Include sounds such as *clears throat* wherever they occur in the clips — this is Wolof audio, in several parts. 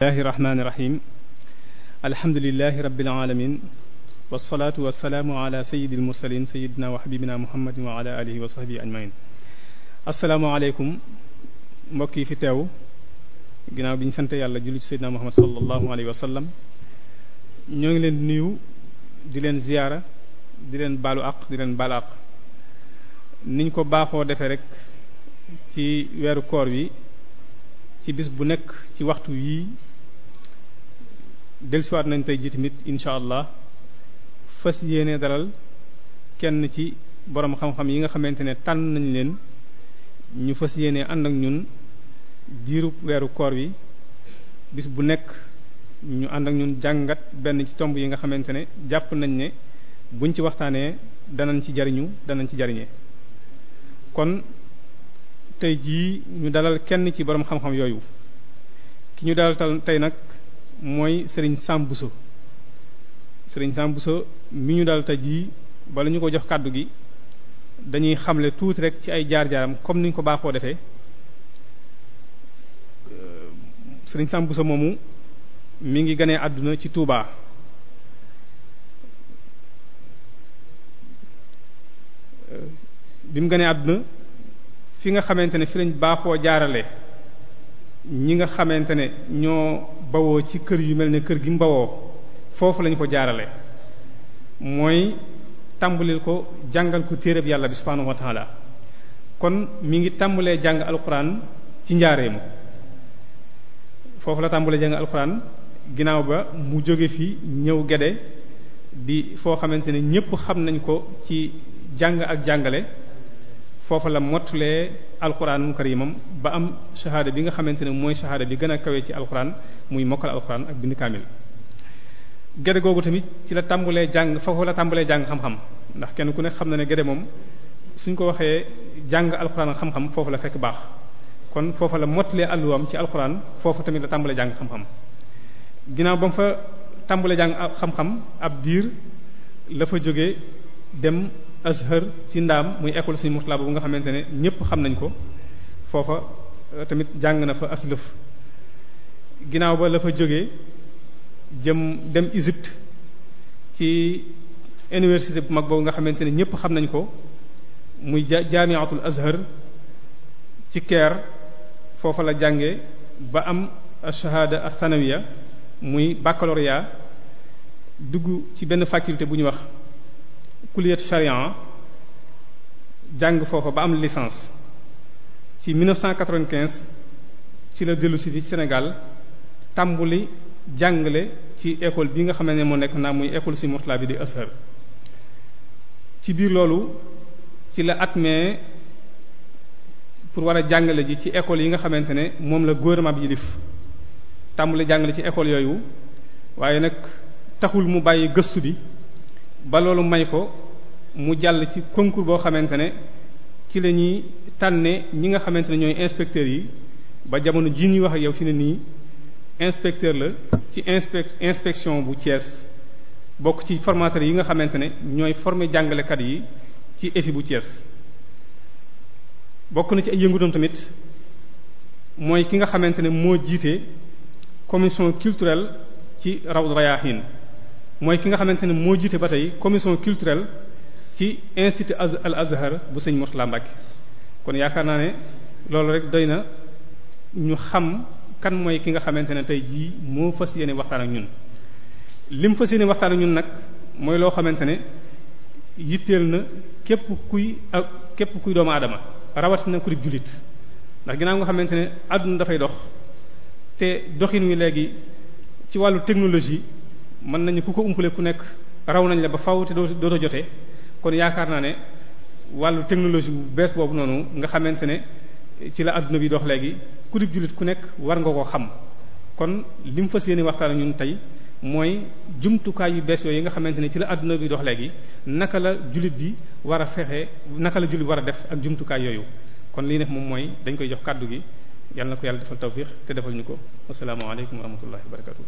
bismillahi rahmaani rahim alhamdulilahi rabbil alamin wasalaatu wasalaamu ala sayidil mursalin sayidina wa habibina muhammadin wa ala alihi wa sahbihi ajmain asalaamaaleykum mbokk yi fi teew ginnaaw bi ñu sant yàlla julli ci sayidina muhammad sallallahu alayhi wa sallam ñoo ngi leen nuyu di leen ziyaara di leen baalu àq di leen baal àq niñ ko baaxoo defee rek ci weeru koor wi ci bis bu nekk ci waxtu yii dellusiwaat nañ tey ji tamit incha allah fas yéene dalal kenn ci boroom xam-xam yi nga xamante ne tànn nañ leen ñu fës yéene ànd ak ñun diiru weeru koor wi bis bu nekk ñu ànd ak ñun jàngat benn ci tomb yi nga xamante ne jàpp nañ ne buñ ci waxtaanee danañ ci jariñu danañ ci jariñe kon tey jii ñu dalal kenn ci boroom xam-xam yooyu ki ñu dalal tey nag mooy sëriñ Sambuso sëriñ Sambuso mi ñu dal tey jii bala ñu ko jox kàddu gi dañuy xamle tuuti rek ci ay jaar-jaaram comme ni ñu ko baaxoo defe euh, sëriñ Sambuso moomu mi ngi ganee àdduna ci tuubaa euh, bi mu ganee àdduna fi nga xamante ne fi lañ baaxoo jaarale ñi nga xamante ne ñoo bawoo ci kër yu mel ne kër gi mu bawoo foofu lañ ko jaarale mooy tàmbalil ko jàngal ko téereb yàlla bi subhaanahu wa ta'ala kon mi ngi tàmbalee jàng alquran ci njaareemu foofu la tàmbalee jàng alquran ginnaaw ba mu jóge fi ñëw gede di foo xamante ne ñépp xam nañ ko ci jàng ak jàngale foofa la mottulee alxuraanum karimam ba am shahada bi nga xamante ne mooy shahada bi gën a kawe ci alxuraan muy mokkal alxuraan ak bind kaamil gede googu tamit ci la tàmbulee jàng foofu la tàmbalee jàng xam-xam ndax kenn ku ne xam na ne gede moom suñ ko waxee jàng alxuraan xam-xam la fekk baax kon foofa la mottulee alluwaam ci alxuraan foofu tamit la tàmbulee jàng xam-xam ginnaaw ba fa tàmbulee jàng xam-xam ab diir la fa jógee dem Azhar ci ndaam muy école Serigne Mourtala boobu nga xamante ne ñëpp xam nañ ko foofa euh, tamit jàng na fa aslëf ginnaaw ba la fa jógee jëm dem Égypte ci université bu mag boobu nga xamante ne ñëpp xam nañ ko muy ja jaamiatul Azhar ci Caire foofa la jànge ba am ash ak ath-thanawiya muy baccalauréat dugg ci benn faculté bu ñu wax kuliyat sharia jàng foofa ba am licence ci 1995 ci la dellusi si ci Sénégal tàmbuli jàngale ci école bi nga xam ne moo nekk naa muy école si Mourtala bi di Azhar ci biir loolu ci la atmee pour war a jàngale ji ci école yi nga xamante ne moom la gouvernement bi yilif tàmbuli jàngale ci école yooyu waaye nag taxul mu bàyyi gëstu bi ba loolu may ko mu jàll ci concours boo xamante ne ci la ñuy tànne ñi nga xamante ne ñooy inspecteurs yi ba jamono ji ñuy wax ak yow fi ne nii inspecteur la ci inspect inspection bu Thiès bokk ci formateurs yi nga xamante ne ñooy former jàngalekat yi ci EFI bu Thiès bokk na ci ay yëngutoom tamit mooy ki nga xamante ne moo jiite commission culturelle ci Rawdu Rayaahin mooy ki nga xamante ne moo jiite ba tey commission culturelle ci institut al azhar bu sëñ laa Mbacke kon yaakaar naa ne loolu rek doy na ñu xam kan mooy ki nga xamante ne tey jii moo fas yéene waxtaan ak ñun lim fas yéene waxtaan ak ñun nag mooy loo xamante ne yitteel na képp kuy ak képp kuy doomu aadama rawatina ku di jullit ndax ginnaaw nga xamante ne àdduna dafay dox te doxin wi léegi ci wàllu technologie mën nañu ku ko umpale ku nekk raw nañ la ba faw te doo dootoo jotee kon yaakaar naa ne wàllu technologie bu bees boobu noonu nga xamante ne ci la adduna bi dox léegi ku dib jullit ku nekk war nga koo xam kon li mu fas yéene waxtaan ñun tey mooy jumtukaay yu bees yooyu yi nga xamante ne ci la àdduna bi dox léegi naka la jullit bi war a fexe naka la jullit war a def ak jumtukaay yooyu kon lii nag moom mooy dañ koy jox kàddu gi yàlla ko yàlla defal tawfiq te defal ñu ko asalaamaaleykum wa rahmatullahi wa barakatuh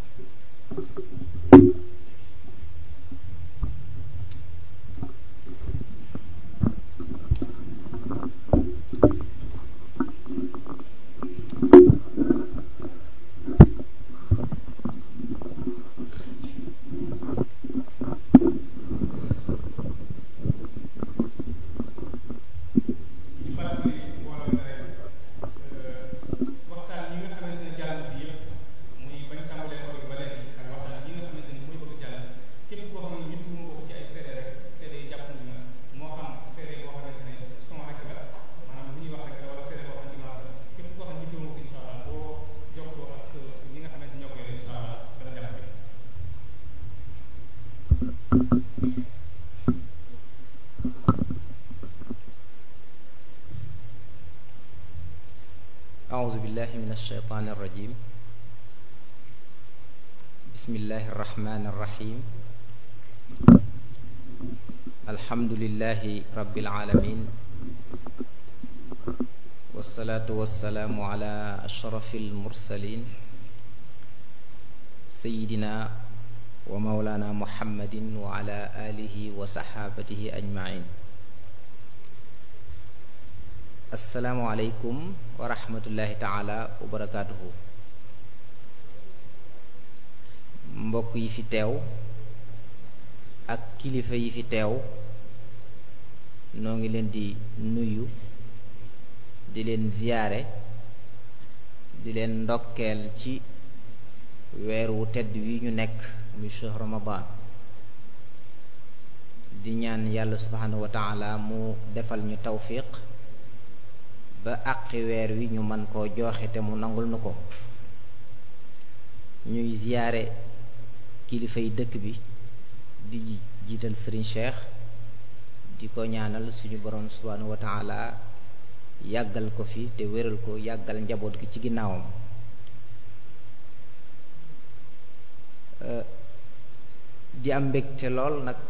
min alsheytaan alrajim bismillahi arrahmani arrahim alhamdulilahi rabbil alamin wasalaatu wasalaamu ala ashrafi almursalin sayidina wa maulana muhammadin wa ala alihi wa saxaabatihi ajmain asalaamualeykum wa rahmatullahi taala wa barakaatuhu mbokk yi fi teew ak kilifa yi fi teew noo ngi leen di nuyu di leen ziyaare di leen ndokkeel ci weer wu tedd wi ñu nekk muy ramadan di ñaan yàlla subhanahu wa taala mu defal ñu tawfiq ba àqi wi ñu mën koo joxe te mu nangul nu ko ñuy ziyaare kilifay dëkk bi di jiital sëriñ Cheikh di ko ñaanal suñu borom subhaanahu wa taala yàggal ko fi te wéral ko yàggal njaboot gi ci ginnaawam euh, di am mbégte lool nag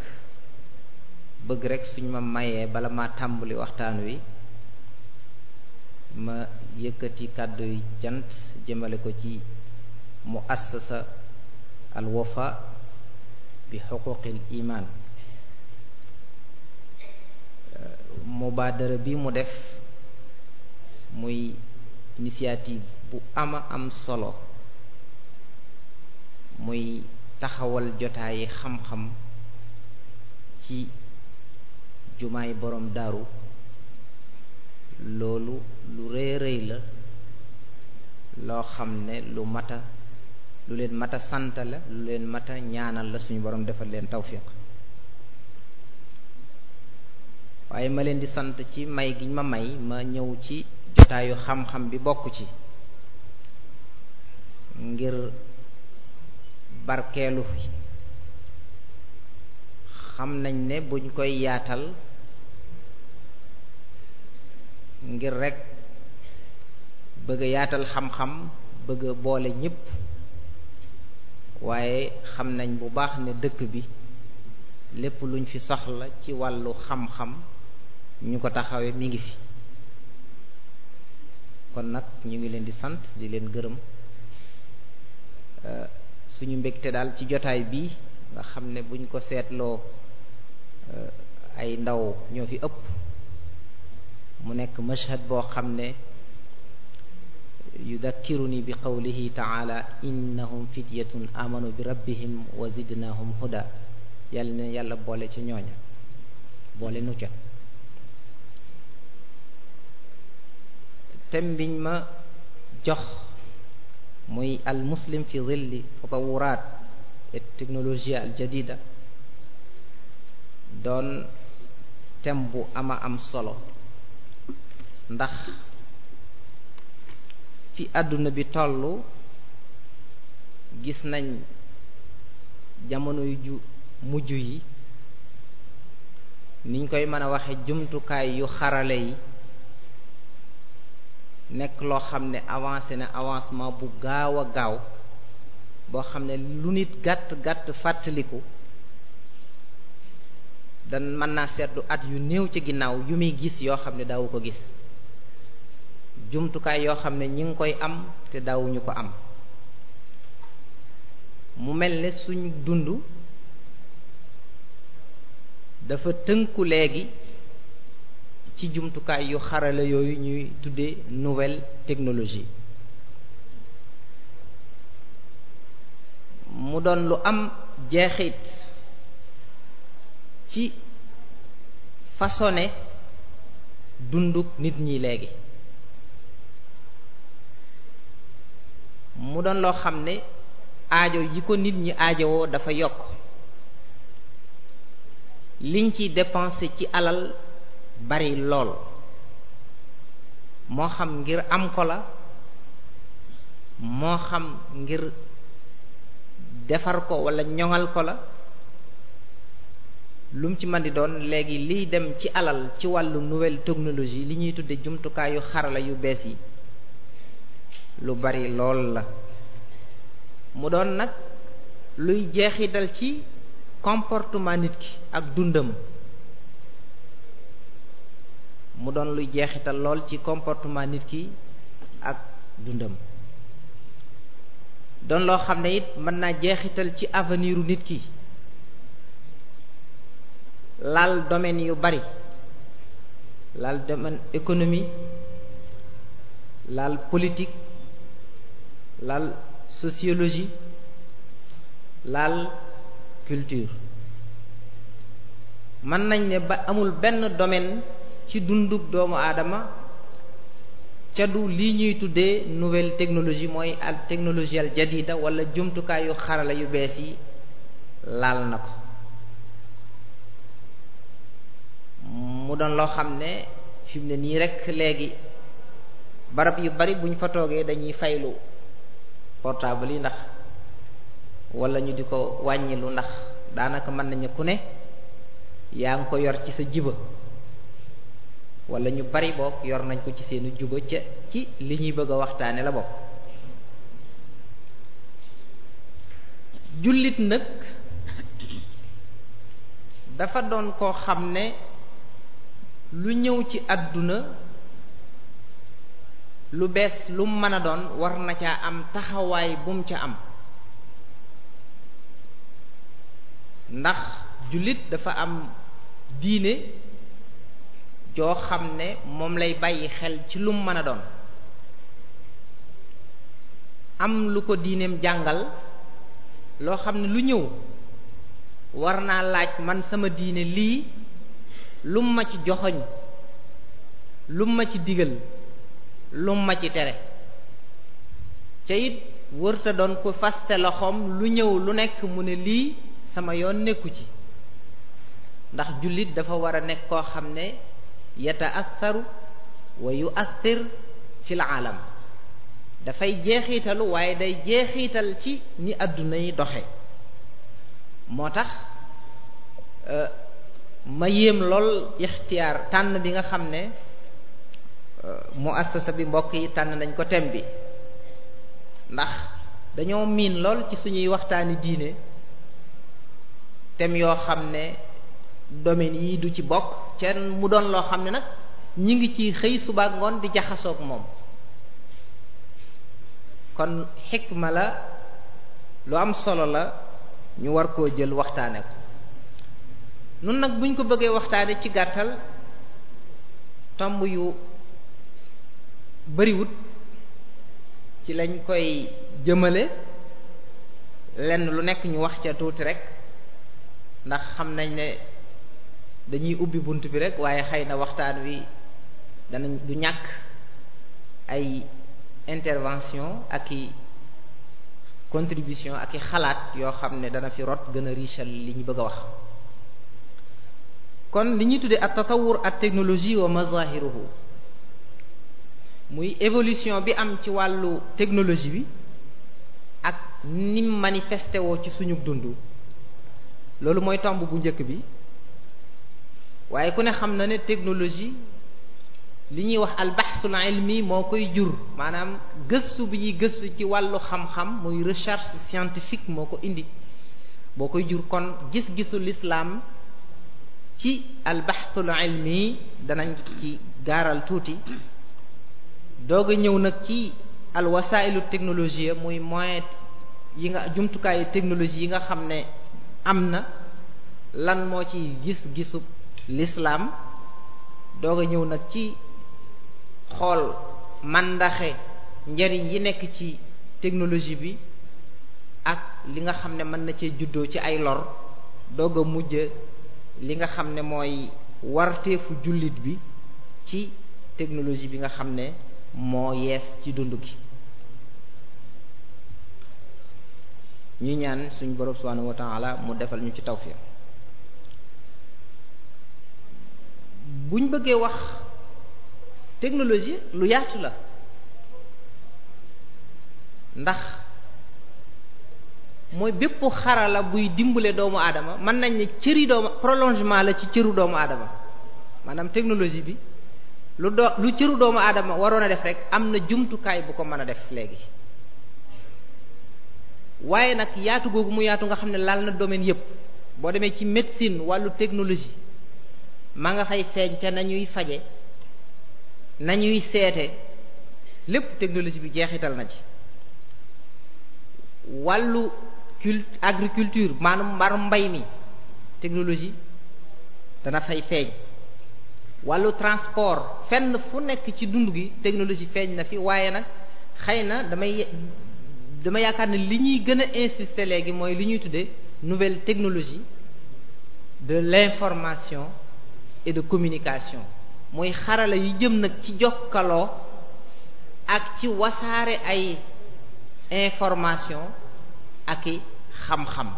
bëgg rek suñ ma mayee bala ma tàmbali waxtaan wi ma yëkkati kàddu yu cant jëmale ko ci mu assasa al wafa bi xuquqil iman mubaadara bi mu def muy initiative bu ama am solo muy taxawal jotaayi xam-xam ci jumaay borom daaru loolu lu rëy rëy la loo xam ne lu mata lu leen mata sant la lu leen mata ñaanal la suñu borom defal leen tawfiq waaye ma leen di sant ci may gi ma may ma ñëw ci jotaayu xam-xam bi bokk ci ngir barkeelu fi xam nañ ne buñ koy yaatal ngir rekk bëgg yaatal xam-xam bëgg boole ñépp waaye xam nañ bu baax ne dëkk bi lépp luñ fi soxla ci wàllu xam-xam ñu ko taxawee mi ngi fi kon nag ñu ngi leen di sant di leen gërëm euh, suñu mbégte daal ci jotaay bi nga xam ne buñ ko seetloo euh, ay ndaw ñoo fi ëpp mu nekk mashhad boo xam ne yudakkiruni bi qawlihi taala innahum fityatun amanu bi rabbihim wa zidnahum huda yàlla ne yàlla boole ci ñooña boole nu ca biñ ma jox muy al muslim fi zilli tatawuraat et technologie doon tem bu ama am solo ndax ci àdduna bi tollu gis nañ jamono ju mujj yi niñ koy mën a waxe jumtukaay yu xarale yi nekk loo xam ne avancé na avancement bu gaaw a gaaw boo xam ne lu nit gàtt gàtt fàttaliku da mën na seetlu at yu néew ci ginnaaw yu muy gis yoo xam ne daawu ko gis jumtukaay yoo xam ne ñi ngi koy am te daawuñu ko am mu mel ne suñu dund dafa tënku léegi ci jumtukaay yu xarala yooyu ñuy tudde nouvelle technologie mu doon lu am jeexit ci façonné dunduk nit ñi léegi mu doon loo xam ne aajo yi ko nit ñi aajowoo dafa yokk liñ ci dépensé ci alal bari lool moo xam ngir am ko la moo xam ngir defar ko walla ñoŋal ko la lu mu ci mën di doon léegi liy dem ci alal ci wàllu nouvelle technologie li ñuy tudde jumtukaayu xarala yu bees yi lu bari lool la mu doon nag luy jeexital ci comportement nit ki ak dundam mu doon luy jeexital lool ci comportement nit ki ak dundam doon loo xam ne it mën naa jeexital ci avenir nit ki laal domaine yu bari laal domaine économie laal politique laal sociologie laal culture mën nañ ne ba amul benn domaine ci dundug doomu aadama ca du lii ñuy tuddee nouvelle technologie mooy al technologie al jadida wala jumtukaay yu xarala yu bees yi laal na ko mu doon loo xam ne fi ne nii rek léegi barab yu bari buñ fa toogee dañuy faylu portable yi ndax wala ñu di ko wàññilu ndax daanaka mën nañu ku ne yaa ngi ko yor ci sa jiba wala ñu bari bokk yor nañ ko ci seeni juba ca ci li ñuy bëgg a waxtaane la bokk jullit nag dafa doon koo xam ne lu ñëw ci àdduna lu bees lum mën a doon war na caa am taxawaay bum ca am ndax jullit dafa am diine joo xam ne moom lay bàyyi xel ci lum mën a doon am lu ko diineem jàngal loo xam ne lu ñëw war naa laaj man sama diine lii lum ma ci joxoñ lum ma ci digal lu ma ci tere cayit it wërta doon ko faste loxoom lu ñëw lu nekk mu ne lii sama yoon nekku ci ndax jullit dafa war a nekk koo xam ne yata assaru wa yu assir fil alam dafay jeexitalu waaye day jeexiital ci ni àdduna yi doxe moo tax euh, ma yéem lool ixtiyaar tànn bi nga xam ne mu muassasa bi mbokk yi tànn nañ ko thème bi ndax dañoo miin lool ci suñuy waxtaani diine thème yoo xam ne domaine yi du ci bokk ceen mu doon loo xam ne nag ñi ngi ci xëy suba ngoon di jaxasoog moom kon xikma la lu am solo la ñu war koo jël waxtaane ko nun nag buñ ko bëggee waxtaane ci gàttal tomb yu bariwut ci lañ koy jëmale lenn lu nekk ñu wax ca tuuti rek ndax xam nañ ne dañuy ubbi bunt bi rek waaye xëy na waxtaan wi danañ du ñàkk ay intervention aki contribution ak i xalaat yoo xam ne dana fi rot gën a richal li ñu bëgg a wax kon li ñuy tuddee ak tatawur ak technologie wa mazahiruhu muy évolution bi am ci wàllu technologie bi ak nim manifesté woo ci suñu dund loolu mooy tomb bu njëkk bi waaye ku ne xam na ne technologie li ñuy wax albaxsul ilmi moo koy jur maanaam gëstu bi ñuy gëstu ci wàllu xam-xam muy recherche scientifique moo ko indi boo koy jur kon gis-gisu lislaam ci albaxsul ilmi danañ ci gaaral tuuti doog ñëw nag ci al wasailu technologie muy moyen yi nga jumtukaayu technologie yi nga xam ne am na lan moo ci gis-gisu lislaam doog a ñëw nag ci xool mandaxe njariñ yi nekk ci technologie bi ak li nga xam ne mën na cee juddoo ci ay lor doog mujj li nga xam ne mooy warteefu jullit bi ci technologie bi nga xam ne moo yees ci dund gi ñuy ñaan suñu borom subhanahu wa la mu defal ñu ci tawfiq buñ bëggee wax technologie lu yaatu la ndax mooy bépp xarala buy dimbale doomu aadama mën nañ ne cëri doomu prolongement la ci cëru doomu aadama maanaam technologie bi lu doo lu cëru doomu aadama waroon a def rek am na jumtukaay bu ko mën a def léegi waaye nag yaatu googu mu yaatu nga xam ne laal na domaine yépp boo demee ci médecine wàllu technologie ma nga xay feeñ ca nañuy faje nañuy seete lépp technologie bi jeexital na ci wàllu culte agriculture maanaam mbarum mbay mi technologie dana fay feeñ wàllu transport fenn fu nekk ci dund gi technologie feeñ na fi waaye nag xëy na damay dama yaakaar ne li ñuy gën a insister léegi mooy li ñuy tuddee nouvelle technologie de l'information et de communication mooy xarala yu jëm nag ci jokkaloo ak ci wasaare ay information ak i xam-xam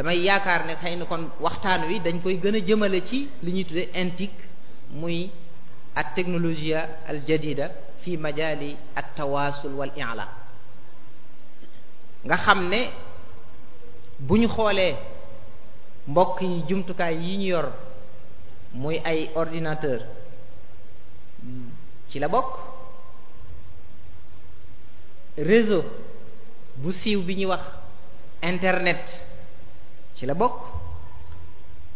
damay yaakaar ne xëy na kon waxtaan wi dañ koy gën a jëmale ci li ñuy tudde intique muy at technologia al jadida fi majaali at tawaasul wal i'la nga xam ne bu ñu xoolee mbokk yi jumtukaay yi ñu yor muy ay ordinateur ci la bokk réseau bu siiw bi ñuy wax internet ci la bokk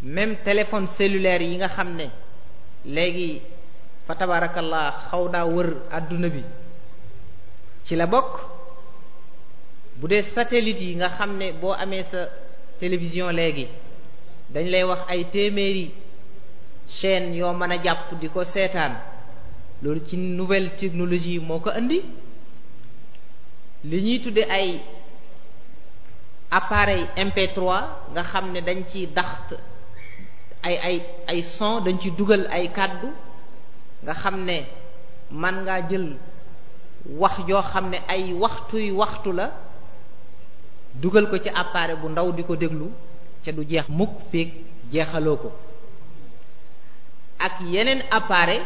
même téléphone cellulaire yi nga xam ne léegi fa la xaw naa wër adduna bi ci la bokk bu dee satellite yi nga xam ne boo amee sa télévision léegi dañ lay wax ay téeméeri chaîne yoo mën a jàpp di ko seetaan loolu ci nouvelle technologie moo ko indi li ñuy tudde ay appareil MP3 nga xam ne dañ ci daxt ay ay son dañ ci dugal ay kàddu nga xam ne man ngaa jël wax joo xam ne ay waxtuy waxtu la dugal ko ci appareil bu ndaw di ko déglu ca du jeex mukk feeg jeexaloo ko ak yeneen appareil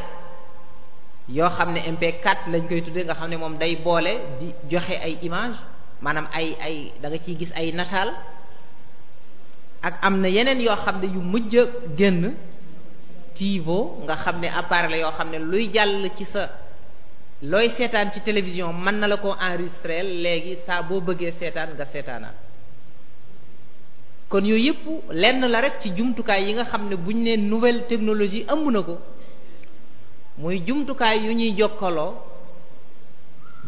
yoo xam ne MP4 lañ koy tuddee nga xam ne moom day boole di joxe ay image maanaam ay ay danga nga ciy gis ay nataal ak am na yeneen yoo xam ne yu mujj a génn tiivo nga xam ne appareil la yoo xam ne luy jàll ci sa looy seetaan ci télévision mën na la ko enregistrer léegi saa boo bëggee seetaan nga seetaanaat kon yooyu yëpp lenn la rek ci jumtukaay yi nga xam ne buñ ne nouvelle technologie ëmb na ko muy jumtukaay yu ñuy jokkaloo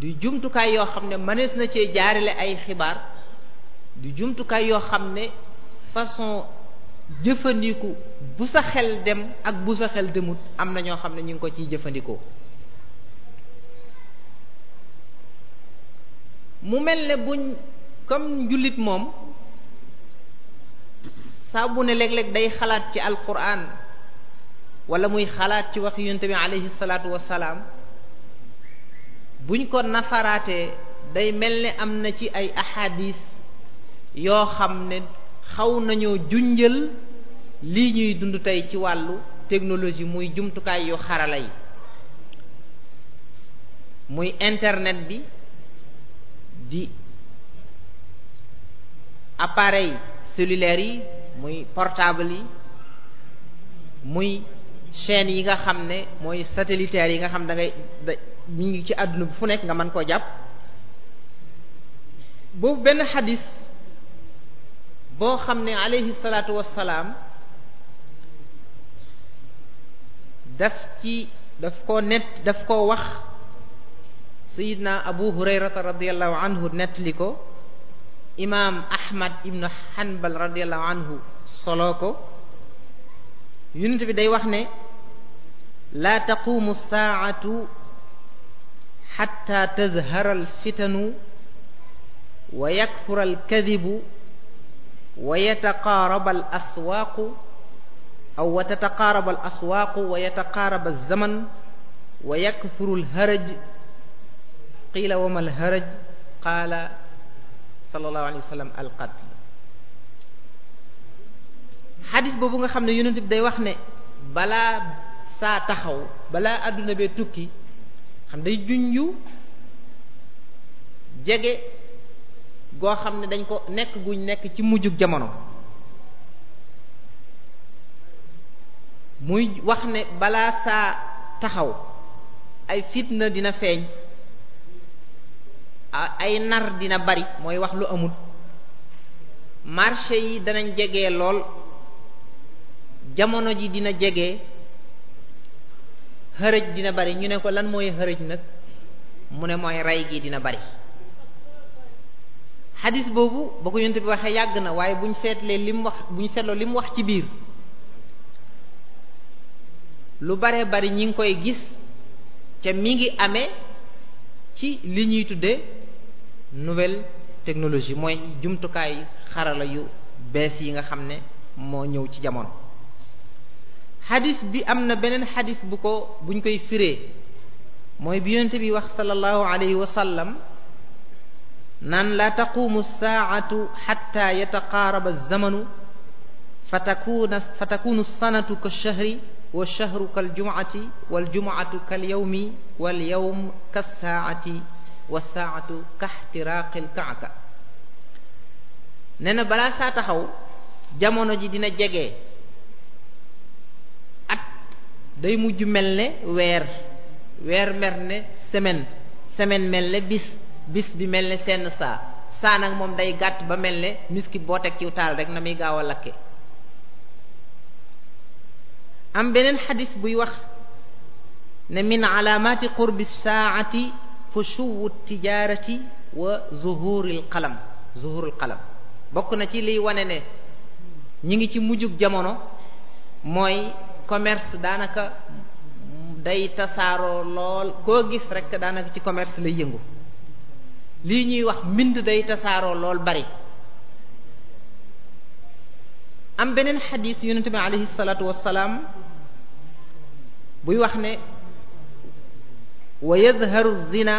di jumtukaay yoo xam ne mënees na cee jaarale ay xibaar di jumtukaay yoo xam ne façon jëfandiku bu sa xel dem ak bu sa xel demut am na ñoo xam ne ñu ngi ko ciy jëfandikoo mu mel ne buñ comme njulit moom saa bu ne léeg-léeg day xalaat ci alquran wala muy xalaat ci wax yonent bi alayhi salaatu wassalaam buñ ko nafaraatee day mel ni am na ci ay ahadis yoo xam ne xaw nañoo junjal lii ñuy dund tey ci wàllu technologie muy jumtukaay yu xarala yi muy internet bi di appareil cellulaire yi muy portable yi muy chaîne yi nga xam ne mooy satellitaire yi nga xam da ngay da mi ngi ci àdduna bi fu nekk nga mën koo jàpp boobu benn xadis boo xam ne alayhi salaatu wassalaam daf ci daf koo nett daf koo wax sayidna abu hurayrata radiallahu anhu nettali ko imaam ahmad ibnu hanbal radiallahu anhu soloo ko yonent bi day wax ne laa taqumu saatu xatta tazhara alfitanu wa yakfura alkadibu wa yataqaaraba al aswaaqu aw wa tataqaaraba al aswaaqu wa yataqaaraba alzaman wa yakfuru alharaj qiila wa ma alharaj qaala sallallahu alayhi wa sallam alqatl xadis boobu nga xam ne yonent bi day wax ne balaa saa taxaw balaa àdduna bee tukki xam day junju jege goo xam ne dañ ko nekk guñ nekk ci mujjug jamono muy wax ne balaa saa taxaw ay fitna dina feeñ ay nar dina bari mooy wax lu amul marché yi dinañ jege lool jamono ji dina jege xërëj dina bari ñu ne ko lan mooy xërëj nag mu ne mooy rey gi dina bari xadis boobu ba ko yonent bi waxee yàgg na waaye buñ seetlee lim wax buñ seetloo mu wax ci biir lu bare bari ñi ngi koy gis ca mi ngi amee ci li ñuy tuddee nouvelle technologie mooy jumtukaayu xarala yu bees yi nga xam ne moo ñëw ci jamono xadis bi am na beneen xadis bu ko buñ koy firee mooy bi yonent bi wax sallallahu alayhi wa sallam naan laa taqumu saacatu xatta yataqaaraba zamanu fa takuna fa takunu sanatu ka shahri wa shahru kal jumuati wal jumuatu kal yawmi wal yawm ka saacati wa saacatu ka xtiraaqil kaaka nee na balaa saa taxaw jamono ji dina jege day mujj mel ne weer weer mer ne semaine semaine mel ne bis bis bi mel ne senn saa saa nag moom day gàtt ba mel ne miskit boo teg ciw taal rek na muy gaaw a lakke am beneen xadis buy wax ne min alaamati qurbi saati fushuwu tijaarati wa zuhuril qalam zuhurul qalam bokk na ci liy wane ne ñi ngi ci mujjug jamono mooy commerce daanaka day tasaaroo lool koo gis rek daanaka ci commerce lay yëngu lii ñuy wax mbind day tasaaroo lool bari am beneen xadis yonent bi alayhi salaatu wassalaam buy wax ne wa yadharu zina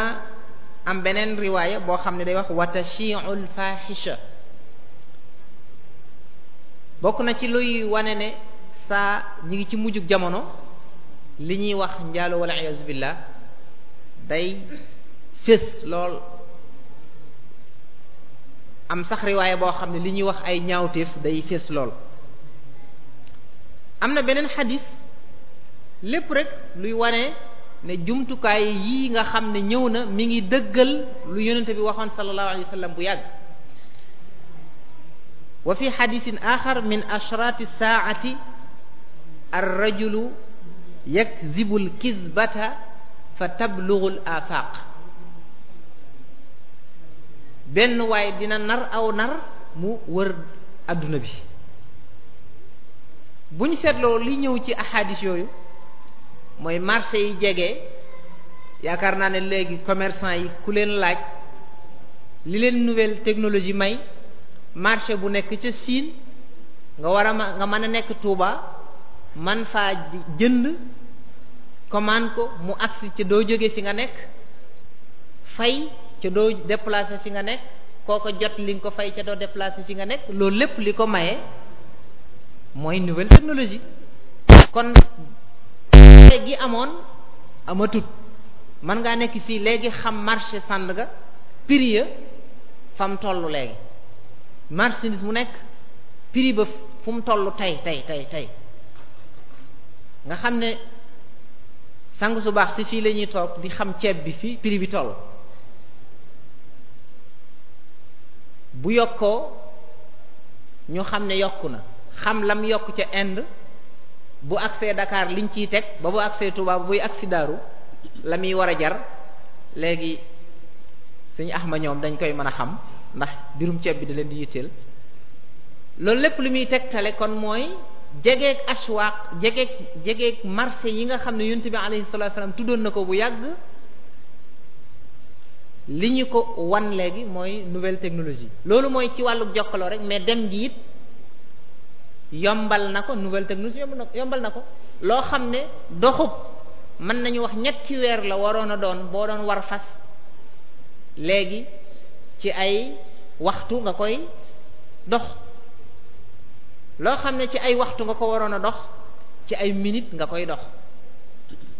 am beneen riwaaya boo xam ne day wax wa tashiu lfahisha bokk na ci luy wane ne saa ñi ngi ci mujjug jamono li ñuy wax njaalo wala ayaasu billah day fés lool am sax riwaaye boo xam ne li ñuy wax ay ñaawteef day fés lool am na beneen xadis lépp rek luy wane ne jumtukaay yii nga xam ne ñëw na mi ngi dëggal lu yonente bi waxoon sallallahu alayhi wa bu yàgg wa fi xadisin axar min ashraati saati arrajulu yakzibul kizbata fa tablughul afaq benn waay dina nar aw nar mu wër adduna bi bu ñu seetloo li ñëw ci ahadis yooyu mooy marché yi jege yaakaar naa ne léegi commerçant yi ku leen laaj li leen nouvelle technologie may marché bu nekk ca siin nga war a nga mën a nekk Touba man faa jënd commande ko mu agsi ca doo jóge fi nga nekk fay ca doo déplacé fi nga nekk kooko jot li nga ko fay ca doo déplacé fi nga nekk loolu lépp li ko maye mooy nouvelle technologie kon léegi amoon amatut mën ngaa nekk fii léegi xam marché Sandaga prix ya fam tollu léegi marchandise mu nekk prix ba fu mu tollu tey tey tey tey nga xam ne sang su baax ci fii la ñuy toog di xam ceeb bi fii piri bi toll bu yokkoo ñu xam ne yokk na xam lam yokk ca Inde bu agsee dakaar liñ ciy teg ba bu agsee Touba buy agsi Daaru la muy war a jar léegi suñu axma ñoom dañ koy mën a xam ndax birum ceeb bi da leen di yitteel loolu lépp lu muy tegtale kon mooy jegeeg aswaaq jegeeg jegeeg marché yi nga xam ne yonent bi alayhi salaatu salaam tuddoon na ko bu yàgg li ñu ko wan léegi mooy nouvelle technologie loolu mooy ci wàllu jokkaloo rek mais dem gi it yombal na ko nouvelle technologie yombal na ko loo xam ne doxub mën nañu wax ñetti weer la waroon a doon boo doon war fas léegi ci ay waxtu nga koy dox loo xam ne ci ay waxtu nga ko waroon a dox ci ay minute nga koy dox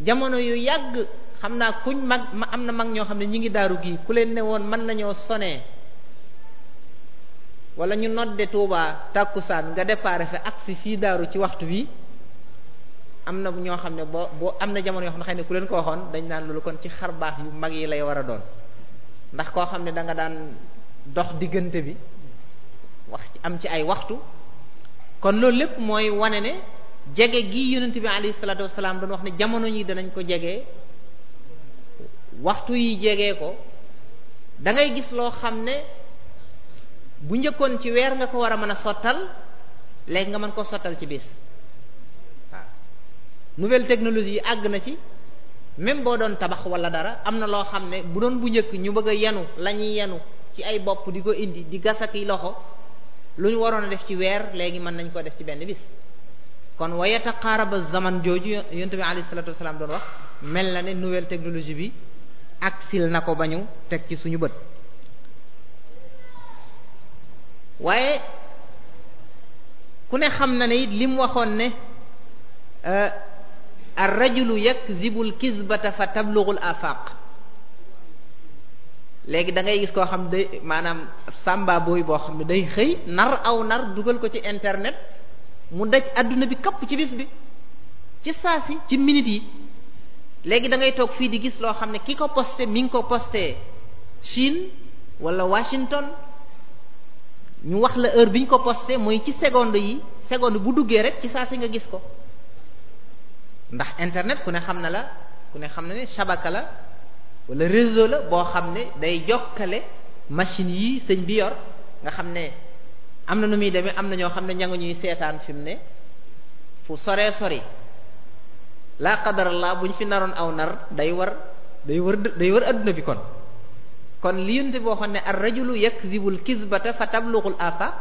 jamono yu yàgg xam naa kuñ mag ma am na mag ñoo xam ne ñi ngi daaru gii ku leen ne woon mën nañoo sone wala ñu nodde Touba tàkkusaan nga déparé fa agsi fii daaru ci waxtu wi am na ñoo xam ne boo boo am na jamono yoo xam ne xëy ne ku leen ko waxoon dañ daan loolu kon ci xar baax yu mag yi lay war a doon ndax koo xam ne danga daan dox diggante bi wax am ci ay waxtu kon loolu lépp mooy wane ne jege gi yonent bi alayhi salaatu wasalaam doon wax ne jamono ñi danañ ko jege waxtu yi jege ko dangay gis loo xam ne bu njëkkoon ci weer nga ko war a mën a sottal léegi nga mën koo sottal ci bis waaw nouvelle technologie yi àgg na ci même boo doon tabax wala dara am na loo xam ne bu doon bu njëkk ñu bëgg a yenu la ñuy yenu ci ay bopp di ko indi di gas ak i loxo lu ñu waroon a def ci weer léegi mën nañ koo def ci benn bis kon wa yataqaaraba zaman jooju yonent bi wax mel na ne nouvelle technologie bi ak sil na ko ba ñu teg ci suñu bët waaye ku ne xam na ne it li waxoon ne euh, ar rajulu yakzibul kizbata fa tablughul afaq léegi da ngay gis koo xam day maanaam sàmba booy boo xam ne day xëy nar aw nar dugal ko ci internet mu daj àdduna bi kapp ci bis bi ci saa si ci minutes yi léegi da ngay toog fii di gis loo xam ne ki ko posté mi ngi ko posté Chine wala Washington ñu wax la heure bi ko posté mooy ci seconde yi seconde bu duggee rek ci saa si nga gis ko ndax internet ku ne xam na la ku ne xam na ne shabaka la wala réseau la boo xam ne day jokkale machine yi sëñ bi yor nga xam ne am na nu muy demee am na ñoo xam ne ña nga ñuy seetaan fi mu ne fu soree sori laa qadarallaa bu ñu fi naroon aw nar day war day war day war adduna bi kon kon li yunte boo xam ne ar rajulu yakzibul kizbata fa tablughul afaq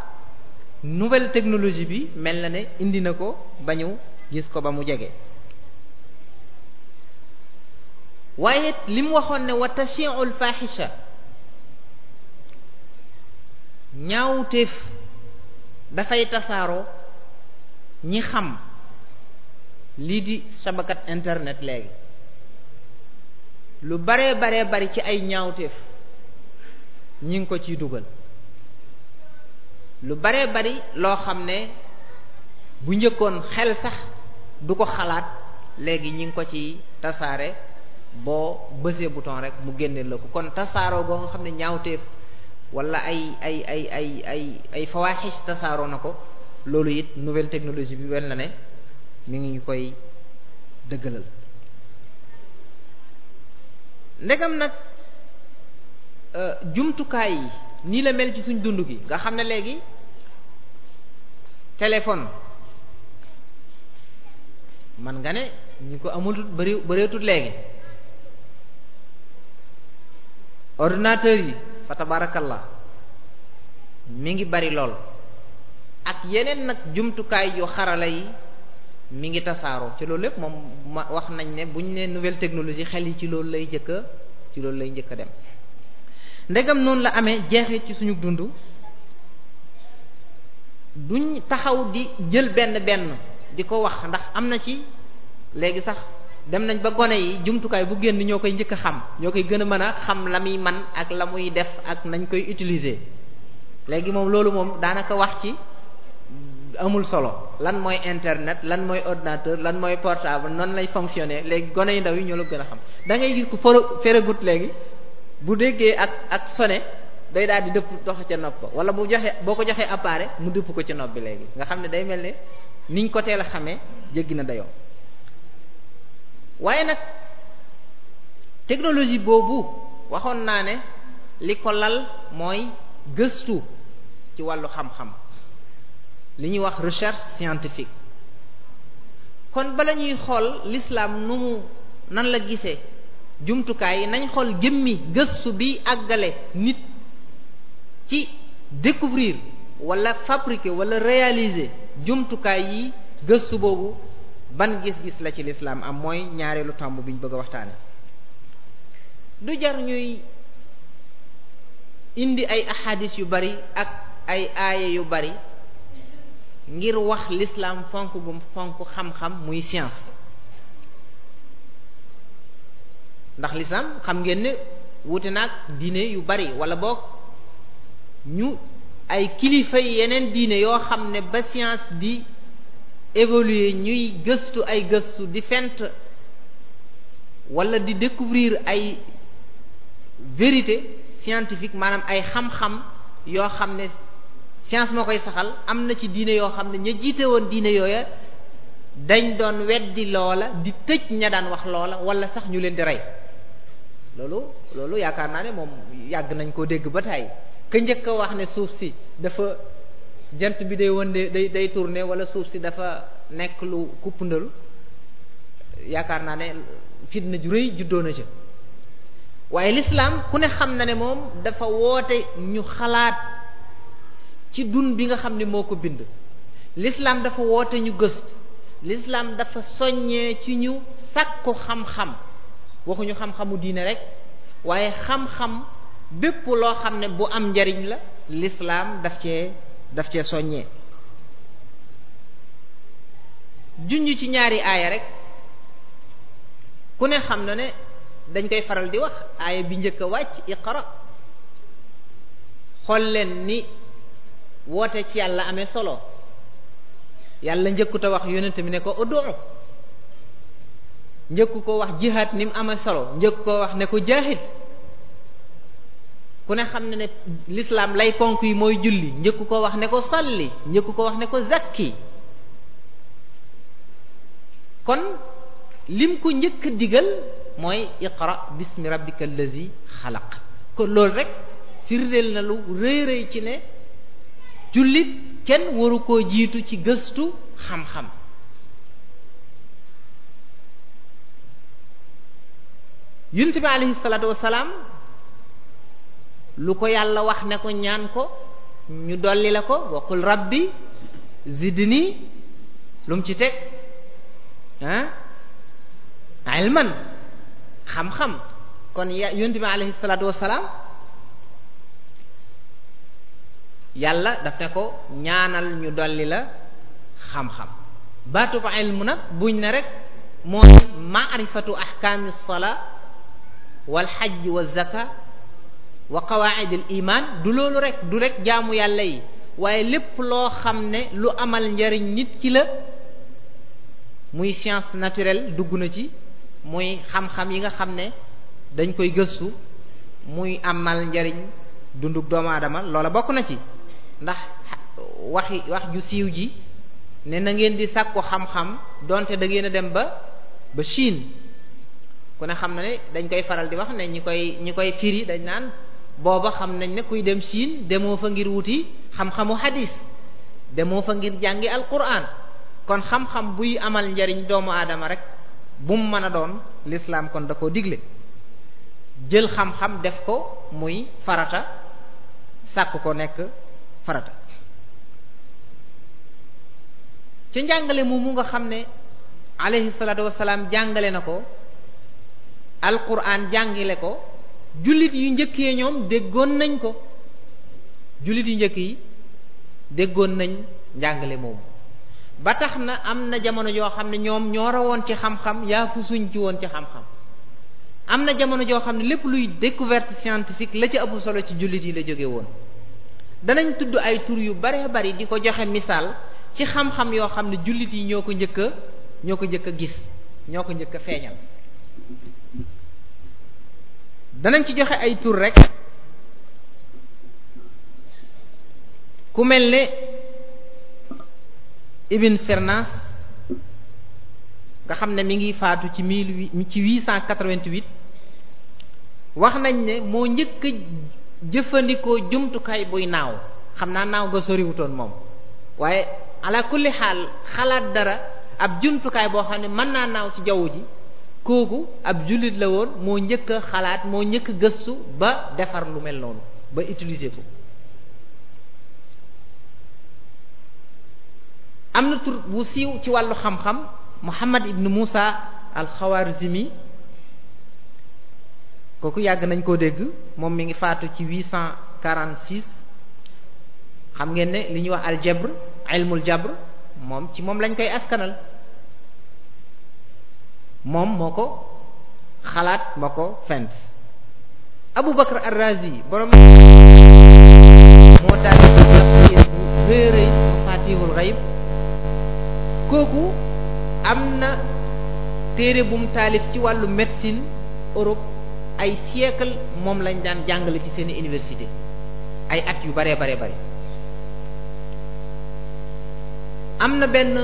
nouvelle technologie bi mel na ne indi na ko ba ñu gis ko ba mu jege waaye li waxoon ne wa tashi'ul fahisha ñaawteef dafay tasaaroo ñi xam lii di sabakat internet léegi lu bare bare bari ci ay ñaawtéef ñi ngi ko ciy dugal lu bare bari loo xam ne bu njëkkoon xel sax du ko xalaat léegi ñi ngi ko ci tasaare boo bësee bouton rek mu génneel la ko kon tasaaroo goo nga xam ne ñaawteef walla ay ay ay ay ay ay fawaaxis tasaaroo na ko loolu it nouvelle technologie bi wel na ne mu ngi ñu koy dëggalal ndegam nag euh, jumtukaay yi nii la mel ci suñ dund gi nga xam ne léegi téléphone man nga ne ñu ko amul bëri bëreetut léegi ordinateur yi fa tabarakallah mi ngi bari lool ak yeneen nag jumtukaay yu xarala yi mi ngi tasaaroo ci loolu lépp moom ma wax nañ ne buñ ñu nee nouvelle technologie xel yi ci loolu lay njëkk ci loolu lay njëkk a dem ndegam noonu la amee jeexee ci suñu dund duñ taxaw di jël benn benn di ko wax ndax am na ci léegi sax dem nañ ba gone yi jumtukaay bu génn ñoo koy njëkk a xam ñoo koy gën a mën a xam la muy man ak la muy def ak nañ koy utiliser léegi moom loolu moom daanaka wax ci amul solo lan mooy internet lan mooy ordinateur lan mooy portable noonu lay fonctionner léegi gone yu ndaw yi ñoo la gën a xam da ngay gis ku feregut léegi bu déggee ak ak sone day daal di dëpp dox ca nopp ba wala bu joxee boo ko joxee appareil mu dëpp ko ca nopp bi léegi nga xam ne day mel ne niñ ko teel a xamee jéggi na dayoo. waaye nag technologie boobu waxoon naa ne li ko lal mooy gëstu ci wàllu xam-xam li ñuy wax recherche scientifique kon bala ñuy xool l'islam nu mu nan la gisee jumtukaay yi nañ xool jëmmi gëstu bi àggale nit ci découvrir walla fabriquer wala réaliser jumtukaay yi gëstu boobu ban gis-gis la ci lislaam am mooy ñaareelu tomb bi ñu bëgg a waxtaane du jar ñuy indi ay ahadis yu bari ak ay aaya yu bari ngir wax lislaam fonk gum fonk xam-xam muy science ndax lislaam xam ngeen ne wuute naag diine yu bari wala boog ñu ay kilifa yeneen diine yoo xam ne ba science di évoluer ñuy gëstu ay gëstu di fent wala di découvrir ay vérité scientifique maanaam ay xam-xam yoo xam ne science moo koy saxal am na ci diine yoo xam ne ña jiite woon diine yooya dañ doon weddi loola di tëj ña daan wax loola wala sax ñu leen di rey loolu loolu yaakaar naa ne moom yàgg nañ koo dégg ba tey ka njëkk wax ne suuf si dafa jant bi day wënde day day tourner wala suuf si dafa nekk lu kuppandalu yaakaar naa ne fitna ju rëy juddoo na ca waaye lislaam ku ne xam na ne moom dafa woote ñu xalaat ci dun bi nga xam ne moo ko bind lislaam dafa woote ñu gës lislaam dafa soññee ci ñu sàkku xam-xam waxuñu xam-xamu diine rekk waaye xam-xam bépp loo xam ne bu am njariñ la lislaam daf cee daf cee soññee junj ci ñaari aaya rekk ku ne xam na ne dañ koy faral di wax aaya bi njëkk a wàcc xara xool leen ni woote ci yàlla ame solo yàlla njëkkut a wax yonent mi ne ko ud'u njëkku ko wax jihaad ni mu ame solo njëkku ko wax ne ko jaahid ku ne xam ne ne l'islam lay ponk yi mooy julli njëkk ko wax ne ko salli njëkku ko wax ne ko zakki kon lim ko njëkk a digal mooy iqra bismi rabbika allazi xalaq kon loolu rek firndeel na lu rëy rëy ci ne jullit kenn waru koo jiitu ci gëstu xam-xam yonent bi alayhi salaatu wassalaam lu ko yàlla wax ne ko ñaan ko ñu dolli la ko waqul rabbi zidni lu mu ci teg ah ilman xam-xam kon ya yonent bi salaatu wassalaam yàlla daf ne ko ñaanal ñu dolli la xam-xam baatub ilmu nag buñ ne rek mooy maarifatu ahkaami salaa wal hajj wa zaka wa qawaidil iman du loolu rek du rek jaamu yàlla yi waaye lépp loo xam ne lu amal njariñ nit ki la muy science naturel dugg na ci muy xam-xam yi nga xam ne dañ koy gëstu muy amal njariñ dunduk doomu aadama loola bokk na ci ndax waxi wax ju siiw ji ne na ngeen di sàkku xam-xam donte da ngeen a dem ba ba Chine ku ne xam na ne dañ koy faral di wax ne koy ñi koy firi dañ naan booba xam nañ ne kuy dem Chine demoo fa ngir wuti xam-xamu hadis demoo fa ngir jàngi alquran kon xam-xam buy amal njariñ doomu aadama rek bu mu mën a doon lislaam kon da koo digle jël xam-xam def ko muy farata sàkk ko nekk farata ca jàngale mu mu nga xam ne alayhi salaatu jàngale na ko alquran jàngile ko jullit yu njëkk yi ñoom déggoon nañ ko jullit yu njëkk yi déggoon nañ njàngale moomu ba tax na am na jamono joo xam ne ñoom ñoo rawoon ci xam-xam yaa fu suñ ci woon ci xam-xam am na jamono joo xam ne lépp luy découverte scientifique la ci ëpp solo ci jullit yi la jóge woon danañ tudd ay tur yu bare bari di ko joxe misaal ci xam-xam yoo xam ne jullit yi ñoo ko njëkk a ñoo ko njëkk a gis ñoo ko njëkk a feeñal danañ ci joxe ay tur rek ku mel ne Ibn Fernas nga xam ne mi ngi faatu ci mille ci huit cent quatre wax nañ ne moo njëkk jëfandikoo jumtukaay buy naaw xam naa naaw nga wutoon moom waaye ala xaal xalaat dara ab jumtukaay boo xam ne mën naa naaw ci jaww ji kooku ab jullit la woon moo njëkk xalaat moo njëkk a gëstu ba defar lu mel noonu ba utiliser ko am na tur bu siiw ci wàllu xam-xam Muhammad ibn Musa al-Khawarizmi kooku yàgg nañ koo dégg moom mi ngi faatu ci huit cent quarante six xam ngeen ne li ñuy wax aljabr ilmul jabr moom ci moom lañ koy askanal moom moo ko xalaat moo ko fent Abu Bakr ar-Razi borom moo taalif tafsir bu réerëy kooku am na téere bu mu taalif ci wàllu médecine Europe ay siècle moom lañ daan jàngale ci seeni université ay at yu bare bare bare am na benn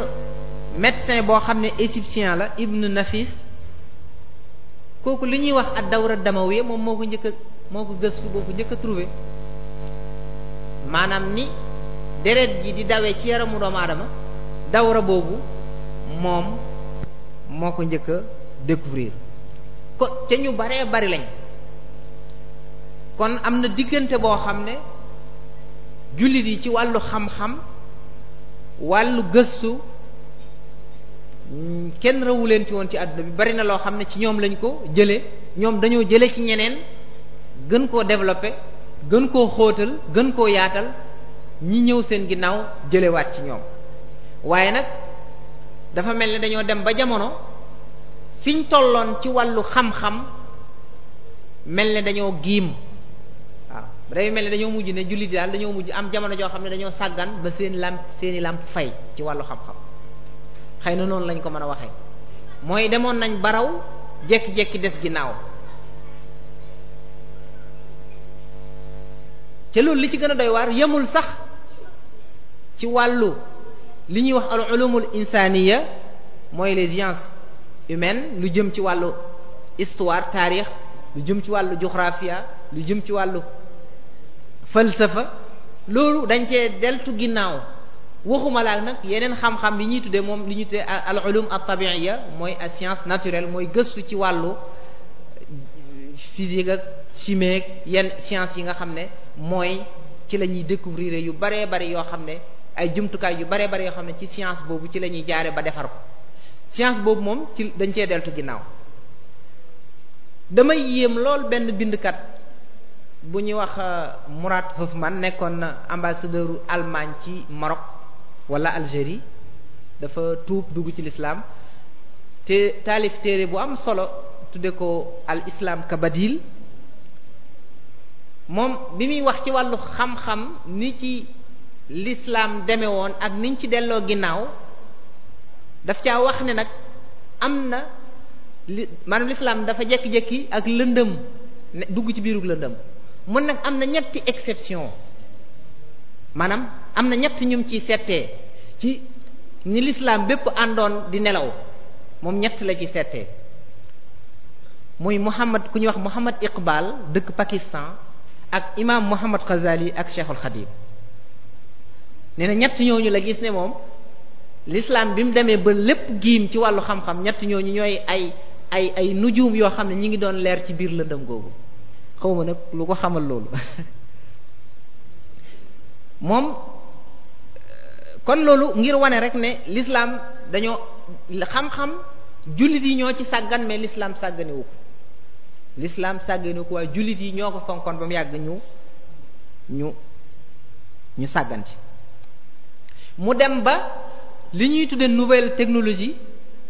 médecin boo xam ne égyptien la ibnu nafis kooku li ñuy wax ak dawra damawiya moom moo ko njëkk moo ko gëstu boo ko njëkk a trouvé maanaam ni deret ji di dawe ci yaramu doomu aadama dawra boobu moom moo ko njëkk a découvrir ko ca ñu baree bari lañ kon am na diggante boo xam ne jullit yi ci wàllu xam-xam wàllu gëstu kenn rawu leen ci woon ci àdduna bi bari na loo xam ne ci ñoom lañ ko jëlee ñoom dañoo jëlee ci ñeneen gën koo developpe gën koo xóotal gën koo yaatal ñi ñëw seen ginnaaw jëlewaat ci ñoom waaye nag dafa mel ne dañoo dem ba jamono fi ñu tolloon ci wàllu xam-xam mel ne dañoo giim waaw day mel ne dañoo mujj ne jullit daal dañoo mujj am jamono joo xam ne dañoo sàggan ba seen làmp seeni làmp fay ci wàllu xam-xam xëy na noonu lañ ko mën a waxee mooy demoon nañ baraw jekki-jekki des ginnaaw te loolu li ci gën a doy waar yemul sax ci wàllu li ñuy wax al ulumul insaniya mooy les sciences humaines lu jëm ci wàllu histoire taarix lu jëm ci wàllu géographia lu jëm ci wàllu falsafa loolu dañ cee deltu ginnaaw waxuma laal nag yeneen xam-xam yi ñuy tuddee moom li ñuy tuddee al ulum at tabi'iyya mooy science naturel mooy gëstu ci wàllu physique ak chimie ak yenn science yi nga xam ne mooy ci la ñuy découvrir yu baree bari yoo xam ne ay jumtukaay yu baree bari yoo xam ne ci science boobu ci la ñuy jaare ba defar ko science boobu moom ci dañ cee deltu ginnaaw damay yéem lool benn bindkat bu ñuy wax euh, Murat Hoffmann nekkoon ambassadeur Allemagne ci Maroc wala Algérie dafa tuub dugg ci lislaam te taalif téere bu am solo tudde ko al islam kabadil moom bi muy wax ci wàllu xam-xam ni ci lislaam deme woon ak niñ ci delloo ginnaaw daf caa wax ne nag am na li maanaam lislaam dafa jekki-jekki ak lëndëm ne dugg ci biiru lëndëm mën nag am na ñetti exception maanaam am na ñett ñum ci settee ci ni lislaam bépp àndoon di nelaw moom ñett la ci settee muy Muhammad ku ñuy wax Muhammad Iqbal dëkk Pakistan ak imam Muhammad Ghazali ak Cheikhul Khadim nee na ñett ñooñu la gis ne moom lislaam bi mu demee ba lépp giim ci wàllu xam-xam ñett ñooñu ñooy ay ay ay nujum yoo xam ne ñi ngi doon leer ci biir lëndëm googu xawma nag lu ko xamal loolu *laughs* moom kon loolu ngir wane rek ne lislaam dañoo xam-xam jullit yi ñoo ci sàggan mais l'islam sàgganewu ko l'islam sàgganewu ko waaye jullit yi ñoo ko fonkoon ba mu yàgg ñu ñu ñu sàggan ci mu dem ba li ñuy tudd nouvelle technologie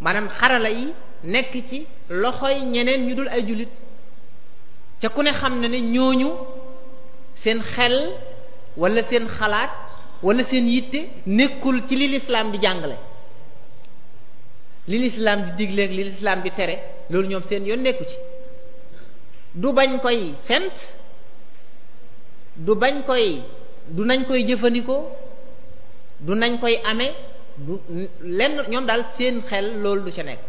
maanaam xarala yi nekk ci loxo yi ñeneen ñu dul ay jullit ca ku ne xam na ne ñooñu seen xel wala seen xalaat walla seen yitte nekkul ci li lislaam di jàngale li lislaam di digleeg li lislaam di tere loolu ñoom seen yoon nekku ci du bañ koy fent du bañ koy du nañ koy jëfandikoo du nañ koy ame du lenn ñoom daal seen xel loolu du ca nekk